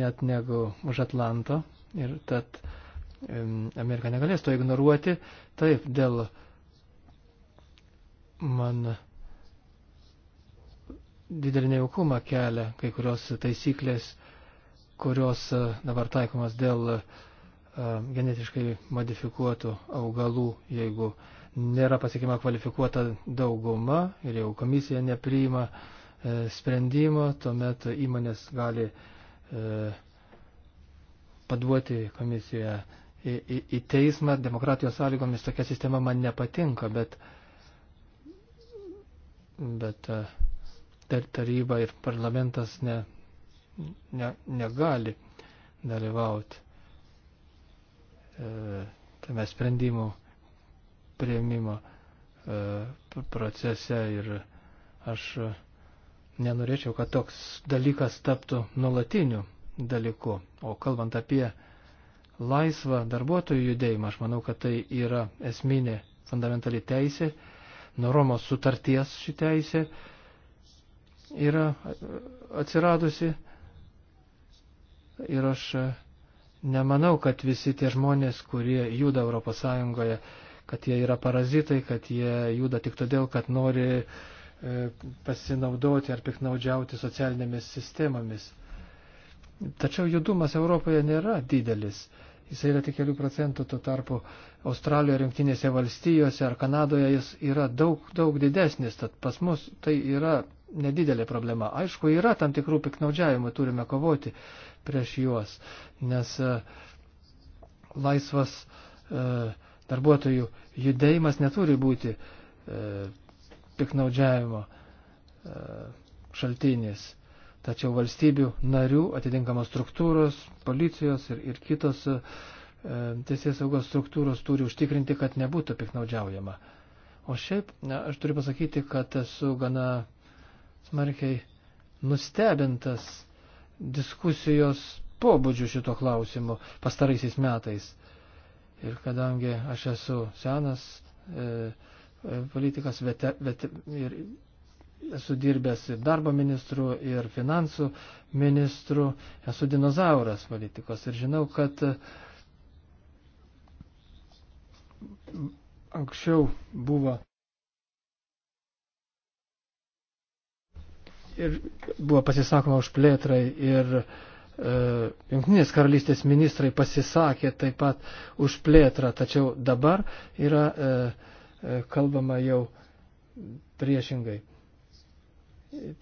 net negu už Atlanto. Ir tad Amerika negalės to ignoruoti. Taip, dėl man didelį nejaukumą kelia kai kurios taisyklės, kurios e, dabar taikomas dėl e, genetiškai modifikuotų augalų, jeigu uh, nėra pasiekima kvalifikuota dauguma ir jau komisija nepriima e, sprendimo, tuomet įmonės gali e, paduoti komisiją į, į, į teismą. Demokratijos sąlygomis tokia sistema man nepatinka, bet, bet e, tar, taryba ir parlamentas ne, ne, negali dalyvauti e, tame sprendimu prieimimo e, procese ir aš nenorėčiau, kad toks dalykas taptų nuolatiniu dalyku. O kalbant apie laisvą darbuotojų judėjimą, aš manau, kad tai yra esminė fundamentali teisė, nuo Romos sutarties ši teisė yra e, atsiradusi ir aš nemanau, kad visi tie žmonės, kurie juda Europos Sąjungoje, kad jie yra parazitai, kad jie juda tik todėl, kad nori e, pasinaudoti ar piknaudžiauti socialinėmis sistemomis. Tačiau judumas Europoje nėra didelis. Jis yra tik kelių procentų, tuo tarpu Australijoje, rinktinėse valstijose ar Kanadoje jis yra daug, daug didesnis, tad pas mus tai yra nedidelė problema. Aišku, yra tam tikrų piknaudžiavimų, turime kovoti prieš juos, nes e, laisvas uh, darbuotojų judėjimas neturi būti e, piknaudžiavimo e, šaltinis. Tačiau valstybių narių atitinkamos struktūros, policijos ir, ir kitos e, teisės saugos struktūros turi užtikrinti, kad nebūtų piknaudžiaujama. O šiaip ne, aš turiu pasakyti, kad esu gana smarkiai nustebintas diskusijos pobūdžių šito klausimu pastaraisiais metais. Ir kadangi aš esu senas e, e, politikas vete, vete, ir esu dirbęs ir darbo ministru, ir finansų ministru, esu dinozauras politikos ir žinau, kad e, anksčiau buvo ir buvo pasisakoma už plėtrai ir E, Junktinės karalystės ministrai pasisakė taip pat už plėtrą, tačiau dabar yra e, e, kalbama jau priešingai.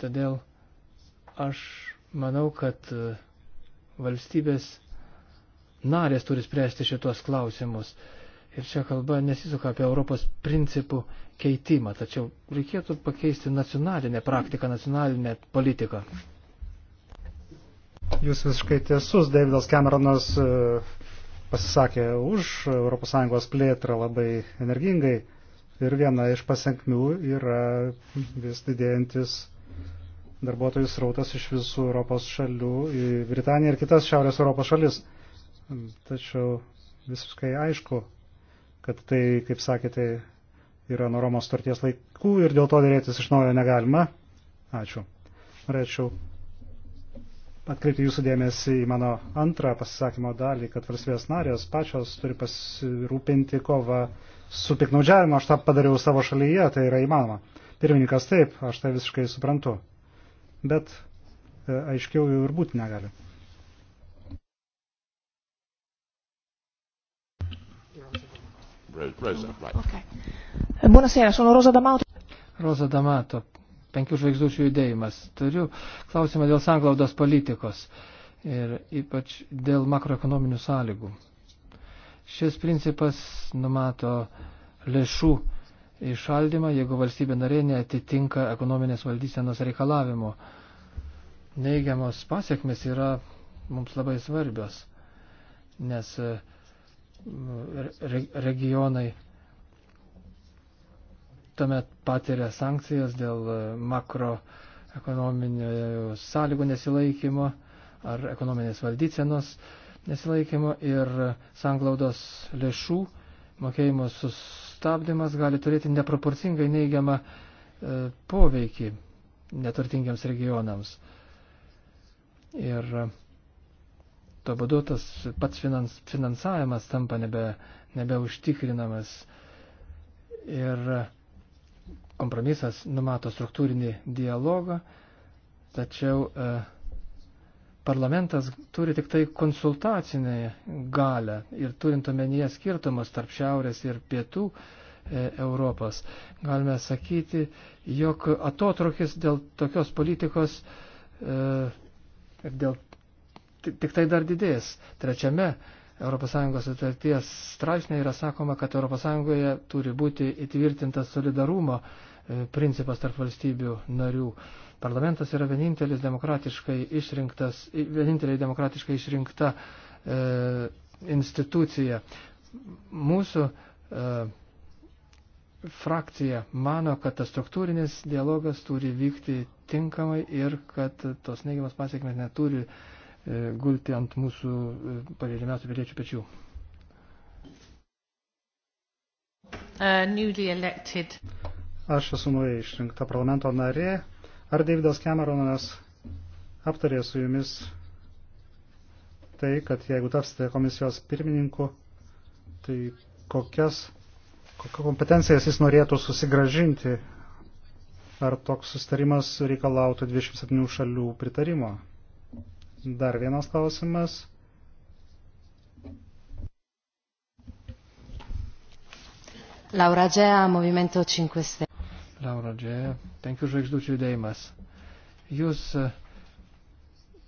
Todėl aš manau, kad e, valstybės narės turi spręsti šitos klausimus. Ir čia kalba nesisuka apie Europos principų keitimą, tačiau reikėtų pakeisti nacionalinę praktiką, nacionalinę politiką. Jūs visiškai tiesus, Davidas Cameronas e, pasisakė už ES plėtrą labai energingai ir viena iš pasiekmių yra vis didėjantis darbuotojų srautas iš visų Europos šalių į Britaniją ir kitas Šiaurės Europos šalis. Tačiau visiškai aišku, kad tai, kaip sakėte, yra nuo Romos starties laikų ir dėl to dėrėtis iš naujo negalima. Ačiū. Norėčiau atkreipti jūsų dėmesį į mano antrą pasisakymo dalį, kad valstybės narės pačios turi pasirūpinti kovą su piknaudžiavimu. Aš tą padariau savo šalyje, tai yra įmanoma. Pirmininkas taip, aš tai visiškai suprantu. Bet e, aiškiau jau ir būti negali. Rosa D'Amato. Rosa D'Amato, penkių žvaigždučių judėjimas. Turiu klausimą dėl sanglaudos politikos ir ypač dėl makroekonominių sąlygų. Šis principas numato lėšų išaldymą, jeigu valstybė narė neatitinka ekonominės valdysenos reikalavimo. Neigiamos pasiekmes yra mums labai svarbios, nes e, regionai tuomet patiria sankcijas dėl e, makroekonominių sąlygų nesilaikymo ar ekonominės valdycenos nesilaikymo ir sanglaudos lėšų mokėjimo sustabdymas gali turėti neproporcingai neigiamą e, poveikį neturtingiams regionams. Ir e, to būdu tas pats finans, finansavimas tampa nebe, nebeužtikrinamas. Ir Kompromisas numato struktūrinį dialogą, tačiau e, parlamentas turi tik tai konsultacinę galę ir turint omenyje skirtumus tarp šiaurės ir pietų e, Europos, galime sakyti, jog atotrukis dėl tokios politikos e, dėl, tik tai dar didės. Trečiame ES sutarties straipsnė yra sakoma, kad ES turi būti įtvirtintas solidarumo e, principas tarp valstybių narių. Parlamentas yra vienintelis demokratiškai išrinktas, vienintelė demokratiškai išrinkta e, institucija. Mūsų e, frakcija mano, kad tas struktūrinis dialogas turi vykti tinkamai ir kad tos neigiamas pasiekmes neturi e, gulti ant mūsų e, pažeidžiamiausių piliečių pečių. Uh, newly elected Aš esu nuėjai išrinkta parlamento narė. Ar Davidas Cameronas aptarė su jumis tai, kad jeigu tapsite komisijos pirmininku, tai kokias kokią kompetencijas jis norėtų susigražinti? Ar toks sustarimas reikalautų 27 šalių pritarimo? Dar vienas klausimas. Laura Gea, Movimento 5 Stelle. Laura Džėja, penkių žvaigždučių judėjimas. Jūs e,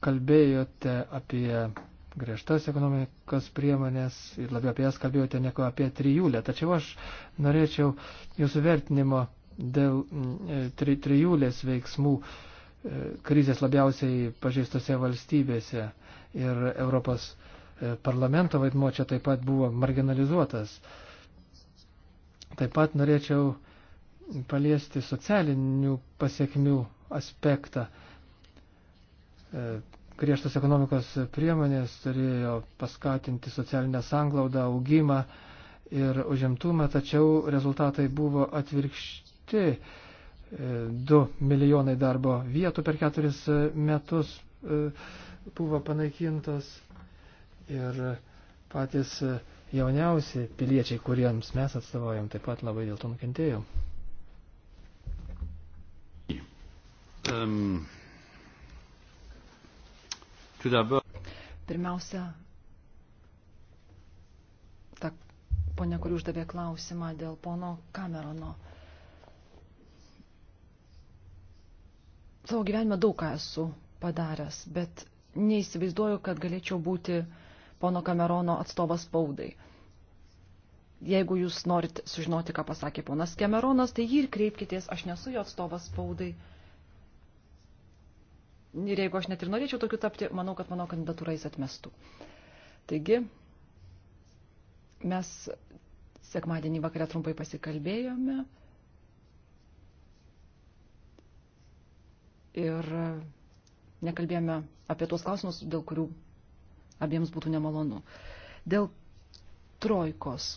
kalbėjote apie griežtas ekonomikos priemonės ir labiau apie jas kalbėjote negu apie trijulę. Tačiau aš norėčiau jūsų vertinimo dėl e, tri, trijulės veiksmų e, krizės labiausiai pažeistose valstybėse ir Europos parlamento vaidmo čia taip pat buvo marginalizuotas. Taip pat norėčiau paliesti socialinių pasiekmių aspektą. E, Griežtas ekonomikos priemonės turėjo paskatinti socialinę sanglaudą, augimą ir užimtumą, tačiau rezultatai buvo atvirkšti. 2 e, milijonai darbo vietų per keturis metus e, buvo panaikintos ir patys jauniausi piliečiai, kuriems mes atstovaujam, taip pat labai dėl to nukentėjom. Um, Pirmiausia, ta ponia, kuri uždavė klausimą dėl pono Kamerono. Savo gyvenime daug ką esu padaręs, bet neįsivaizduoju, kad galėčiau būti pono Kamerono atstovas spaudai. Jeigu jūs norit sužinoti, ką pasakė ponas Kameronas, tai jį ir kreipkitės, aš nesu jo atstovas spaudai ir jeigu aš net ir norėčiau tokiu tapti, manau, kad mano kandidatūra jis atmestų. Taigi, mes sekmadienį vakarę trumpai pasikalbėjome ir nekalbėjome apie tuos klausimus, dėl kurių abiems būtų nemalonu. Dėl trojkos.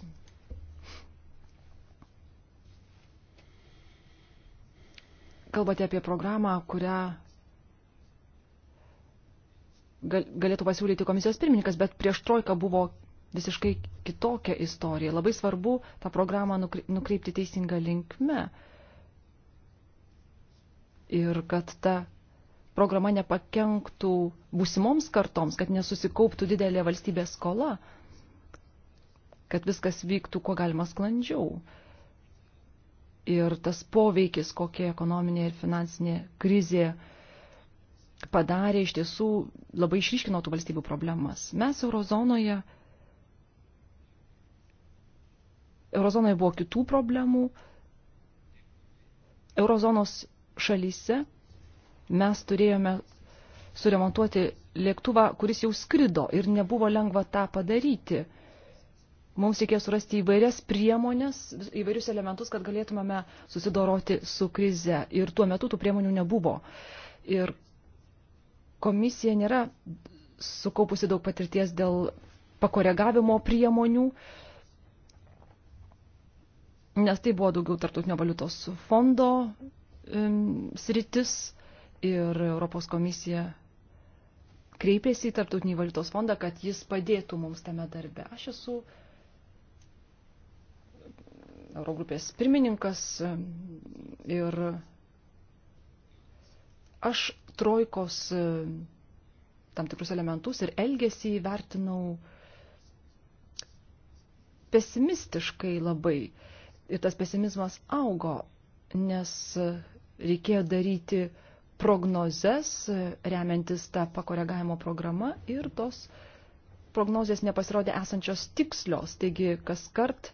Kalbate apie programą, kurią galėtų pasiūlyti komisijos pirmininkas, bet prieš trojką buvo visiškai kitokia istorija. Labai svarbu tą programą nukreipti teisingą linkme. Ir kad ta programa nepakenktų būsimoms kartoms, kad nesusikauptų didelė valstybės skola, kad viskas vyktų kuo galima sklandžiau. Ir tas poveikis, kokia ekonominė ir finansinė krizė padarė iš tiesų labai išryškino tų valstybių problemas. Mes eurozonoje, eurozonoje buvo kitų problemų, eurozonos šalyse mes turėjome suremontuoti lėktuvą, kuris jau skrido ir nebuvo lengva tą padaryti. Mums reikėjo surasti įvairias priemonės, įvairius elementus, kad galėtumėme susidoroti su krize. Ir tuo metu tų priemonių nebuvo. Ir komisija nėra sukaupusi daug patirties dėl pakoregavimo priemonių, nes tai buvo daugiau tartutinio valiutos fondo um, sritis ir Europos komisija kreipėsi į tarptautinį valiutos fondą, kad jis padėtų mums tame darbe. Aš esu Eurogrupės pirmininkas ir Aš trojkos e, tam tikrus elementus ir elgesį vertinau pesimistiškai labai. Ir tas pesimizmas augo, nes reikėjo daryti prognozes, e, remiantis tą pakoregavimo programą ir tos prognozės nepasirodė esančios tikslios. Taigi kas kart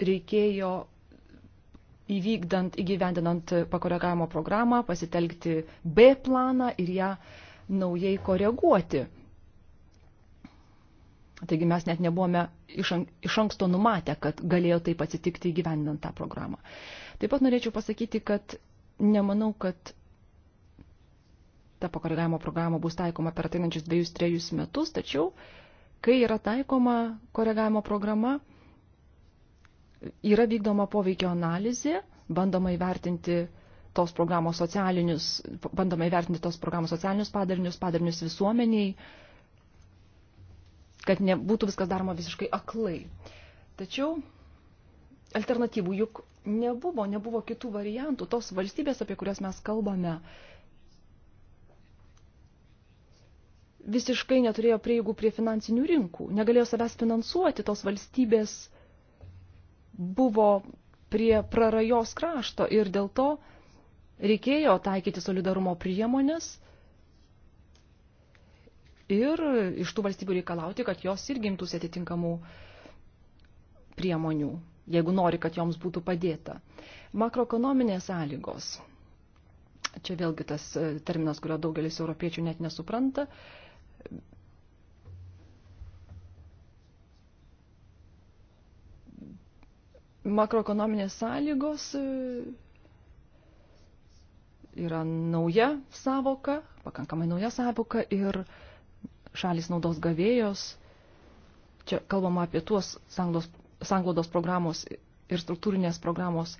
reikėjo įvykdant, įgyvendinant pakoregavimo programą, pasitelkti B planą ir ją naujai koreguoti. Taigi mes net nebuvome iš anksto numatę, kad galėjo taip atsitikti įgyvendinant tą programą. Taip pat norėčiau pasakyti, kad nemanau, kad ta pakoregavimo programa bus taikoma per ateinančius dviejus, trejus metus, tačiau kai yra taikoma koregavimo programa, Yra vykdoma poveikio analizė, bandoma įvertinti tos programos socialinius, bandoma įvertinti tos programos socialinius padarinius, padarinius visuomeniai, kad nebūtų viskas daroma visiškai aklai. Tačiau alternatyvų juk nebuvo, nebuvo kitų variantų. Tos valstybės, apie kurias mes kalbame, visiškai neturėjo prieigų prie finansinių rinkų, negalėjo savęs finansuoti tos valstybės buvo prie prarajos krašto ir dėl to reikėjo taikyti solidarumo priemonės ir iš tų valstybių reikalauti, kad jos irgi imtųsi atitinkamų priemonių, jeigu nori, kad joms būtų padėta. Makroekonominės sąlygos. Čia vėlgi tas e, terminas, kurio daugelis europiečių net nesupranta, makroekonominės sąlygos e, yra nauja savoka, pakankamai nauja savoka ir šalis naudos gavėjos. Čia kalbama apie tuos sanglodos programos ir struktūrinės programos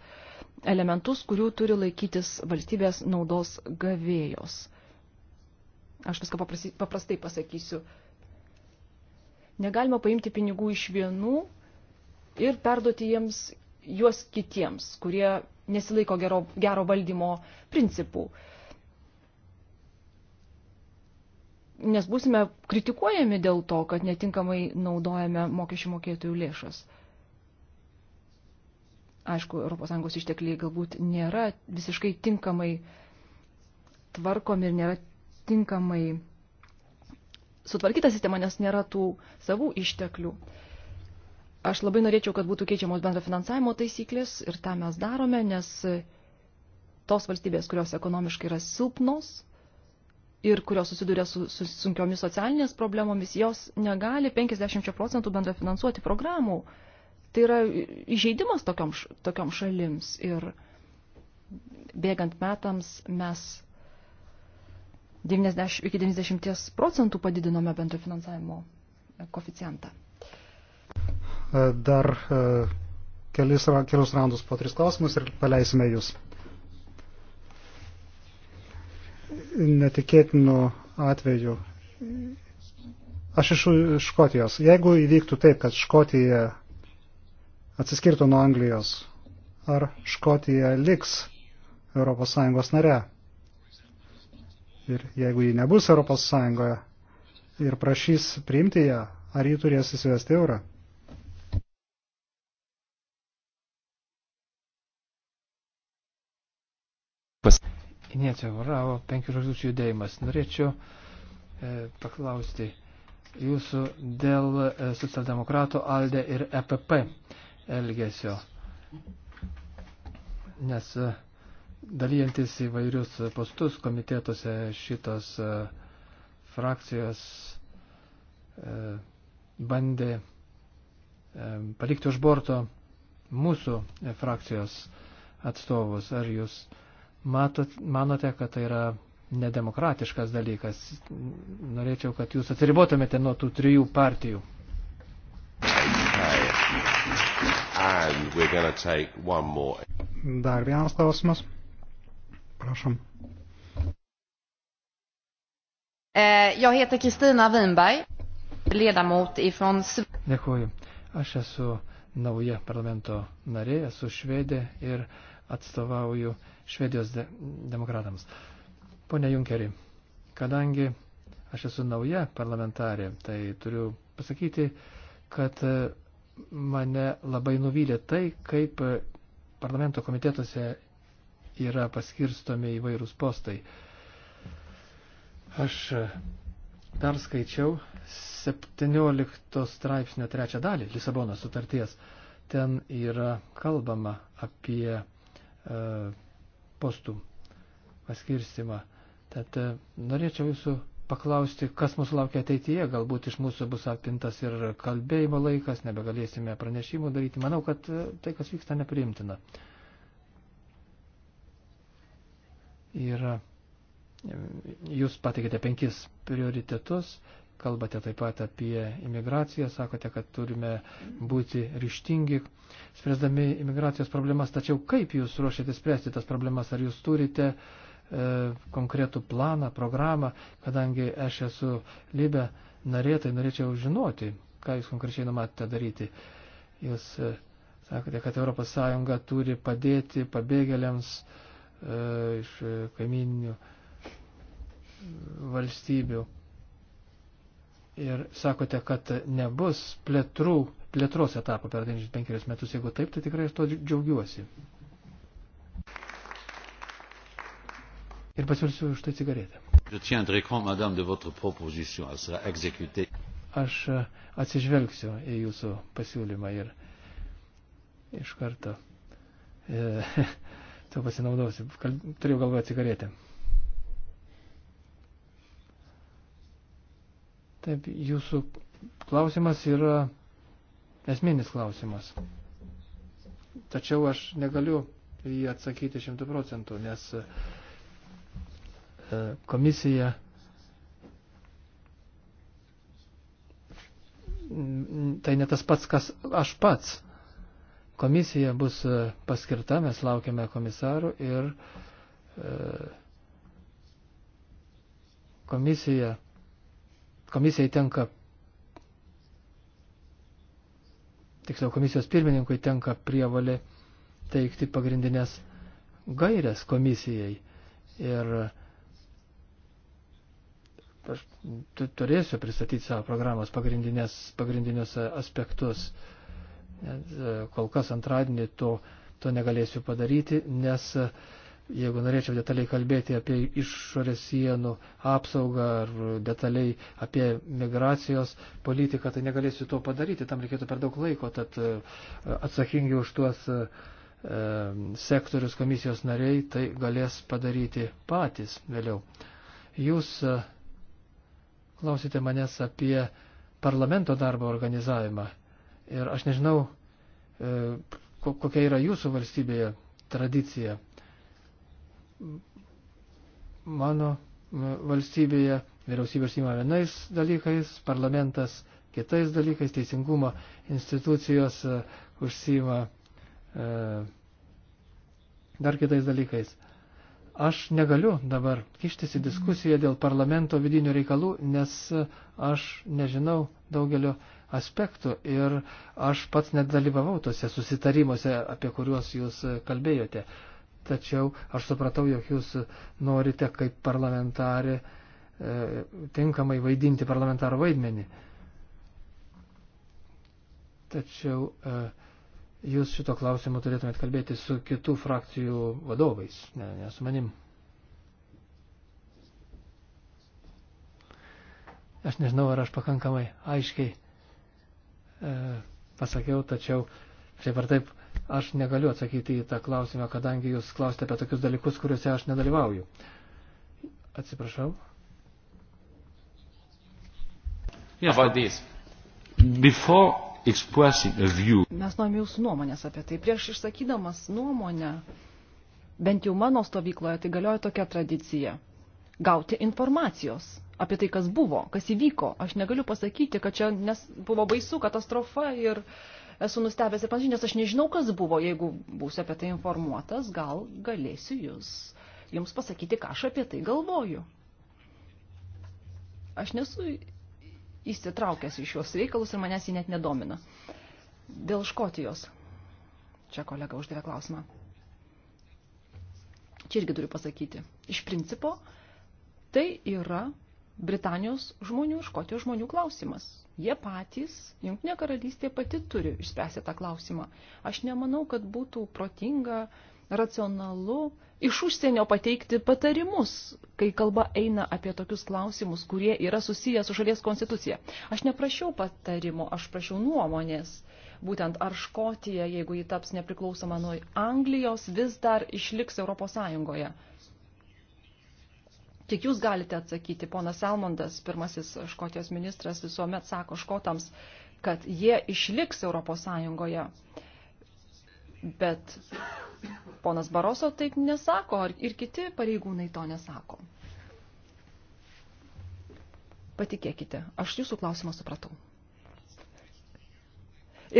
elementus, kurių turi laikytis valstybės naudos gavėjos. Aš viską paprastai pasakysiu. Negalima paimti pinigų iš vienų ir perduoti jiems juos kitiems, kurie nesilaiko gero, gero valdymo principų. Nes būsime kritikuojami dėl to, kad netinkamai naudojame mokesčių mokėtojų lėšas. Aišku, ES ištekliai galbūt nėra visiškai tinkamai tvarkomi ir nėra tinkamai sutvarkyta sistema, nes nėra tų savų išteklių. Uh, Aš labai norėčiau, kad būtų keičiamos bendro finansavimo taisyklės ir tą mes darome, nes tos valstybės, kurios ekonomiškai yra silpnos ir kurios susiduria su, su sunkiomis socialinės problemomis, jos negali 50 procentų bendro finansuoti programų. Tai yra įžeidimas tokiom, tokiom šalims ir bėgant metams mes 90, iki 90 procentų padidinome bendro finansavimo koficijantą dar e, kelis, kelius randus po tris klausimus ir paleisime jūs. Netikėtinų atveju. Aš iš Škotijos. Jeigu įvyktų taip, kad Škotija atsiskirtų nuo Anglijos, ar Škotija liks ES nare? Ir jeigu ji nebus ES ir prašys priimti ją, ar ji turės įsivesti eurą? pas... Iniciatoravo penkių žvaigždžių judėjimas. Norėčiau e, paklausti jūsų dėl e, socialdemokratų Alde ir EPP elgesio. Nes e, dalyjantis įvairius postus komitetuose šitos e, frakcijos e, bandė e, palikti už borto mūsų e, frakcijos atstovus. Ar jūs e, matot, manote, kad tai yra nedemokratiškas dalykas. Norėčiau, kad jūs atsiribotumėte nuo tų trijų partijų. Dar vienas klausimas. Prašom. Eh, jag heter Kristina Winberg, ledamot ifrån Dėkuoju. Aš esu nauja parlamento narė, esu švedė ir atstovauju Švedijos de demokratams. Pone Junkeri, kadangi aš esu nauja parlamentarė, tai turiu pasakyti, kad e, mane labai nuvylė tai, kaip e, parlamento komitetuose yra paskirstomi įvairūs postai. Aš e, perskaičiau 17 straipsnio trečią dalį Lisabono sutarties. Ten yra kalbama apie uh, e, postų paskirstimą. Tad e, norėčiau jūsų paklausti, kas mūsų laukia ateityje, galbūt iš mūsų bus apintas ir kalbėjimo laikas, nebegalėsime pranešimų daryti. Manau, kad e, tai, kas vyksta, nepriimtina. Ir e, jūs patikite penkis prioritetus kalbate taip pat apie imigraciją, sakote, kad turime būti ryštingi, spręsdami imigracijos problemas, tačiau kaip jūs ruošiate spręsti tas problemas, ar jūs turite e, konkretų planą, programą, kadangi aš esu Libė narė, tai norėčiau žinoti, ką jūs konkrečiai numatėte daryti. Jūs e, sakote, kad ES turi padėti pabėgėliams e, iš e, kaiminių e, valstybių ir sakote, kad nebus plėtrų, plėtros etapo per 95 metus. Jeigu taip, tai tikrai aš to džiaugiuosi. Ir pasiūlysiu štai cigaretę. Aš e, atsižvelgsiu į jūsų pasiūlymą ir iš karto e, to pasinaudosiu. Turėjau galvoje cigaretę. Taip, jūsų klausimas yra esminis klausimas. Tačiau aš negaliu jį atsakyti šimtų procentų, nes e, komisija tai ne tas pats, kas aš pats. Komisija bus e, paskirta, mes laukiame komisarų ir e, komisija komisijai tenka, tiksliau komisijos pirmininkui tenka prievalė teikti pagrindinės gairias komisijai. Ir aš turėsiu pristatyti savo programos pagrindinius aspektus. Net e, kol kas antradienį to, to negalėsiu padaryti, nes uh, jeigu norėčiau detaliai kalbėti apie išorės sienų apsaugą ar detaliai apie migracijos politiką, tai negalėsiu to padaryti, tam reikėtų per daug laiko, tad e, atsakingi už tuos e, sektorius komisijos nariai tai galės padaryti patys vėliau. Jūs e, klausite manęs apie parlamento darbo organizavimą ir aš nežinau, e, kokia yra jūsų valstybėje tradicija mano valstybėje vyriausybė užsima vienais dalykais, parlamentas kitais dalykais, teisingumo institucijos e, užsima e, dar kitais dalykais. Aš negaliu dabar kištis į diskusiją dėl parlamento vidinių reikalų, nes e, aš nežinau daugelio aspektų ir aš pats nedalyvavau tose susitarimuose, apie kuriuos jūs e, kalbėjote tačiau aš supratau, jog jūs norite kaip parlamentarė e, tinkamai vaidinti parlamentaro vaidmenį. Tačiau e, jūs šito klausimu turėtumėt kalbėti su kitų frakcijų vadovais, ne, ne su manim. Aš nežinau, ar aš pakankamai aiškiai e, pasakiau, tačiau šiaip ar taip Aš negaliu atsakyti į tą klausimą, kadangi jūs klausite apie tokius dalykus, kuriuose aš nedalyvauju. Atsiprašau. Yeah, about this. Before expressing a view. Mes norime jūsų nuomonės apie tai. Prieš išsakydamas nuomonę, bent jau mano stovykloje, tai galioja tokia tradicija. Gauti informacijos apie tai, kas buvo, kas įvyko. Aš negaliu pasakyti, kad čia nes, buvo baisų katastrofa ir uh, esu nustebęs ir panašiai, nes aš nežinau, kas buvo. Jeigu būsiu apie tai informuotas, gal galėsiu jūs, jums pasakyti, ką aš apie tai galvoju. Aš nesu įsitraukęs į šios reikalus ir manęs jį net nedomina. Dėl Škotijos. Čia kolega uždavė klausimą. Čia irgi turiu pasakyti. Iš principo, tai yra Britanijos žmonių, Škotijos žmonių klausimas. Jie patys, Junktinė karalystė pati turi išspręsti tą klausimą. Aš nemanau, kad būtų protinga, racionalu iš užsienio pateikti patarimus, kai kalba eina apie tokius klausimus, kurie yra susiję su šalies konstitucija. Aš neprašiau patarimo, aš prašiau nuomonės. Būtent ar Škotija, jeigu ji taps nepriklausoma nuo Anglijos, vis dar išliks Europos Sąjungoje. Tik jūs galite atsakyti, ponas Salmondas, pirmasis Škotijos ministras, visuomet sako škotams, kad jie išliks Europos Sąjungoje. Bet ponas Baroso taip nesako, ir kiti pareigūnai to nesako. Patikėkite, aš jūsų klausimą supratau.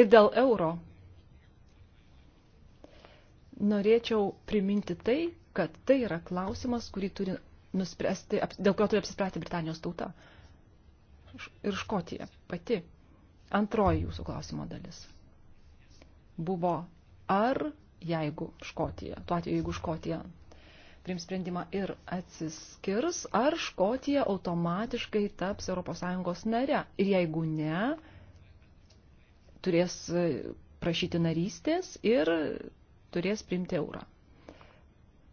Ir dėl euro norėčiau priminti tai, kad tai yra klausimas, kurį turi nuspręsti, dėl ko turi apsispręsti Britanijos tauta ir Škotija pati. Antroji jūsų klausimo dalis buvo ar jeigu Škotija, tuo atveju jeigu Škotija priims sprendimą ir atsiskirs, ar Škotija automatiškai taps ES nare. Ir jeigu ne, turės e, prašyti narystės ir turės priimti eurą.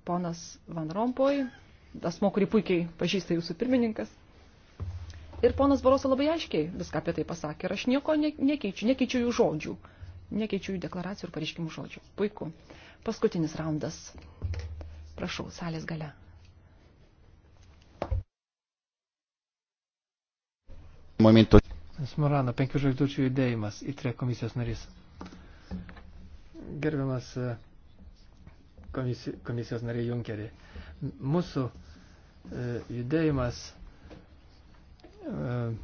Ponas Van Rompoj asmo, kurį puikiai pažįsta jūsų pirmininkas. Ir ponas Barosa labai aiškiai viską apie tai pasakė. Ir aš nieko ne, nekeičiu, nekeičiu jų žodžių, nekeičiu jų deklaracijų ir pareiškimų žodžių. Puiku. Paskutinis raundas. Prašau, salės gale. Momentu. Smorano, penkių žvaigždučių judėjimas, įtrė komisijos narys. Gerbiamas eh, komisijos nariai Junkerį. Mūsų E, judėjimas e,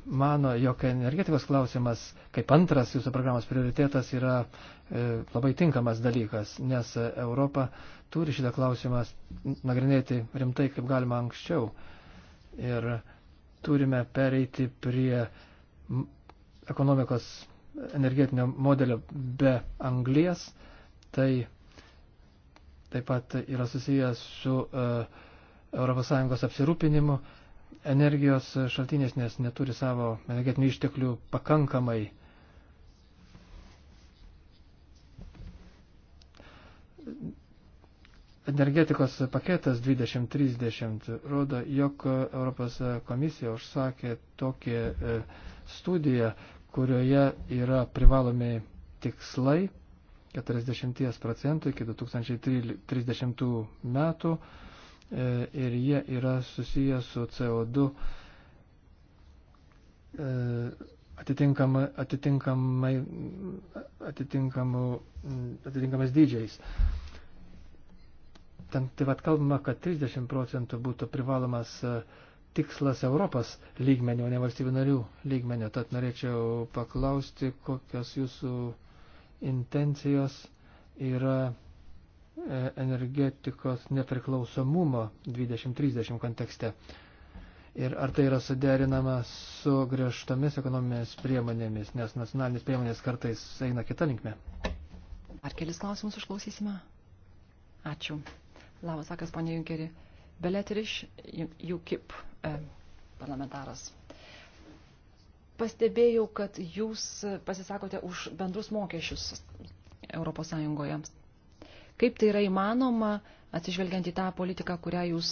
mano, jog energetikos klausimas kaip antras jūsų programos prioritetas yra e, labai tinkamas dalykas, nes Europa turi šitą klausimą nagrinėti rimtai kaip galima anksčiau. Ir turime pereiti prie ekonomikos energetinio modelio be anglies. Tai taip pat yra susijęs su uh, ES apsirūpinimu energijos šaltinės, nes neturi savo energetinių išteklių pakankamai. Energetikos paketas 2030 rodo, jog Europos komisija užsakė tokią e, studiją, kurioje yra privalomi tikslai 40 procentų iki 2030 metų E, ir jie yra susiję su CO2 e, atitinkamai, atitinkamai, atitinkamais dydžiais. Ten taip pat kalbama, kad 30 procentų būtų privalomas e, tikslas Europos lygmenio, ne valstybių narių lygmenio. Tad norėčiau paklausti, kokios jūsų intencijos yra E, energetikos nepriklausomumo 2030 kontekste. Ir ar tai yra suderinama su griežtomis ekonominėmis priemonėmis, nes nacionalinės priemonės kartais eina kita linkme. Ar kelis klausimus užklausysime? Ačiū. Labas sakas, ponė Junkeri. Beletriš, UKIP eh, parlamentaras pastebėjau, kad jūs pasisakote už bendrus mokesčius Europos Sąjungoje. Kaip tai yra įmanoma, atsižvelgiant į tą politiką, kurią jūs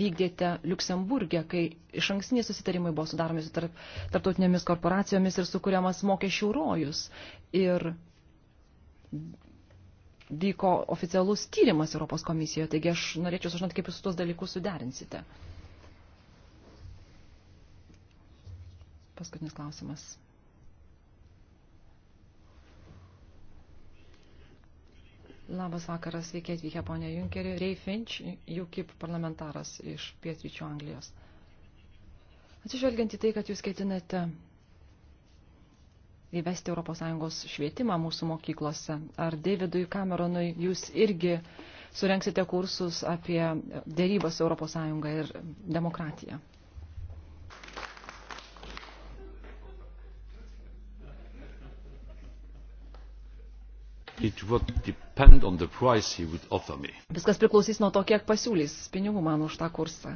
vykdėte Luksemburgė, kai iš anksniai susitarimai buvo sudaromi su tarp, tarptautinėmis korporacijomis ir sukūriamas mokesčių rojus. Ir vyko oficialus tyrimas Europos komisijoje, taigi aš norėčiau sužinoti, kaip jūs tuos dalykus suderinsite. Paskutinis klausimas. Labas vakaras, sveiki atvykę ponė Junkerį. Ray Finch, UKIP parlamentaras iš pietryčių Anglijos. Atsižvelgiant į tai, kad jūs ketinate įvesti ES švietimą mūsų mokyklose, ar Davidui Cameronui jūs irgi surenksite kursus apie dėrybas ES ir demokratiją? Viskas priklausys nuo to, kiek pasiūlys pinigų man už tą kursą.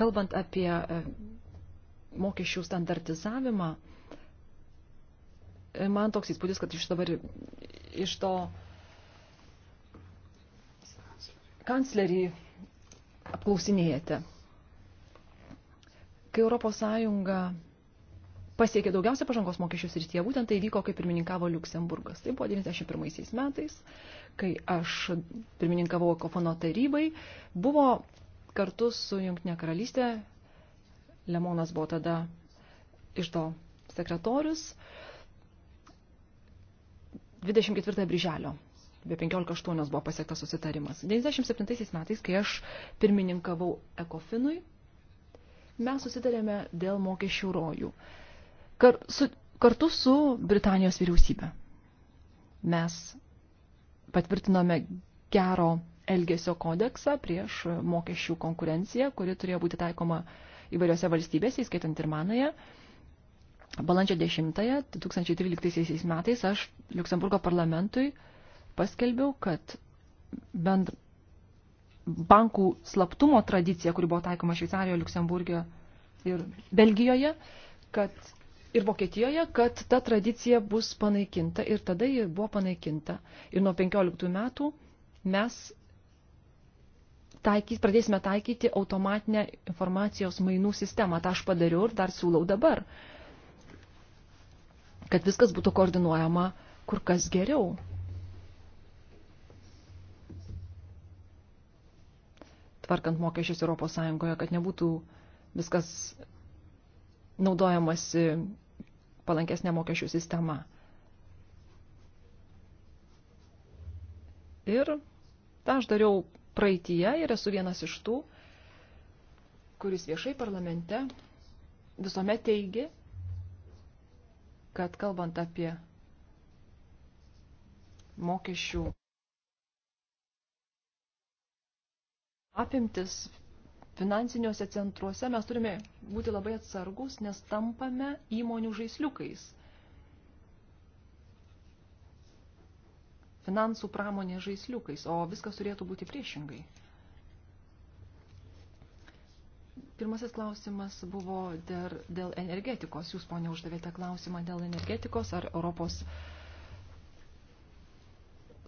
Kalbant apie e, mokesčių standartizavimą, e, man toks įspūdis, kad iš dabar iš to kanclerį apklausinėjate kai ES pasiekė daugiausia pažangos mokesčių srityje, būtent tai vyko, kai pirmininkavo Luksemburgas. Tai buvo 91 metais, kai aš pirmininkavau Kofono tarybai, buvo kartu su Junktinė karalystė, Lemonas buvo tada iš to sekretorius, 24 brželio be 15.8 buvo pasiektas susitarimas. 97 metais, kai aš pirmininkavau Ekofinui, mes susitarėme dėl mokesčių rojų. Kar, su, kartu su Britanijos vyriausybė. Mes patvirtinome gero elgesio kodeksą prieš mokesčių konkurenciją, kuri turėjo būti taikoma įvairiose valstybėse, įskaitant ir manoje. Balandžio 10-ąją 2013 metais aš Luksemburgo parlamentui paskelbiau, kad bendra bankų slaptumo tradicija, kuri buvo taikoma Šveicarijoje, Luksemburgė ir Belgijoje, kad ir Vokietijoje, kad ta tradicija bus panaikinta ir tada ji buvo panaikinta. Ir nuo 15 metų mes taikys, pradėsime taikyti automatinę informacijos mainų sistemą. Ta aš padariau ir dar siūlau dabar, kad viskas būtų koordinuojama kur kas geriau. tvarkant mokesčius ES, kad nebūtų viskas naudojamasi palankesnė mokesčių sistema. Ir tą aš dariau praeitie ir esu vienas iš tų, kuris viešai parlamente visuomet teigi, kad kalbant apie mokesčių apimtis finansiniuose centruose mes turime būti labai atsargus, nes tampame įmonių žaisliukais. Finansų pramonė žaisliukais, o viskas turėtų būti priešingai. Pirmasis klausimas buvo dėl, dėl energetikos. Jūs, ponia, uždavėte klausimą dėl energetikos ar Europos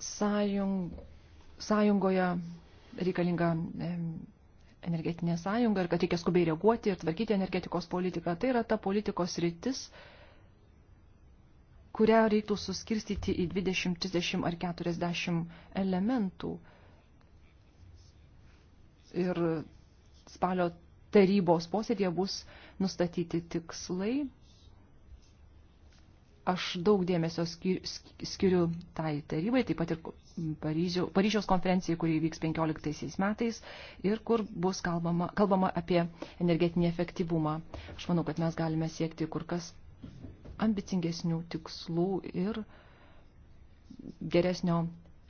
sąjung, sąjungoje reikalinga energetinė sąjunga ir kad reikia skubiai reaguoti ir tvarkyti energetikos politiką. Tai yra ta politikos rytis, kurią reiktų suskirstyti į 20, 30 ar 40 elementų. Ir spalio tarybos posėdėje bus nustatyti tikslai aš daug dėmesio skiriu tai tarybai, taip pat ir Paryžiaus, Paryžiaus konferencijai, kuri vyks 15 metais ir kur bus kalbama, kalbama apie energetinį efektyvumą. Aš manau, kad mes galime siekti kur kas ambicingesnių tikslų ir geresnio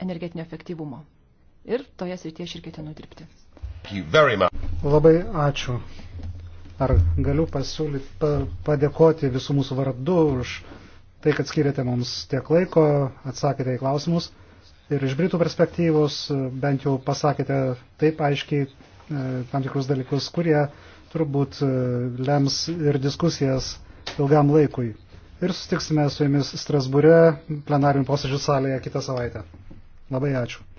energetinio efektyvumo. Ir toje srityje aš ir ketinu dirbti. Labai ačiū. Ar galiu pasiūlyti, pa, padėkoti visų mūsų vardu už tai, kad skirėte mums tiek laiko, atsakėte į klausimus ir iš Britų perspektyvos e, bent jau pasakėte taip aiškiai e, tam tikrus dalykus, kurie turbūt e, lems ir diskusijas ilgam laikui. Ir sustiksime su jumis Strasbūre plenarium posėdžių salėje kitą savaitę. Labai ačiū.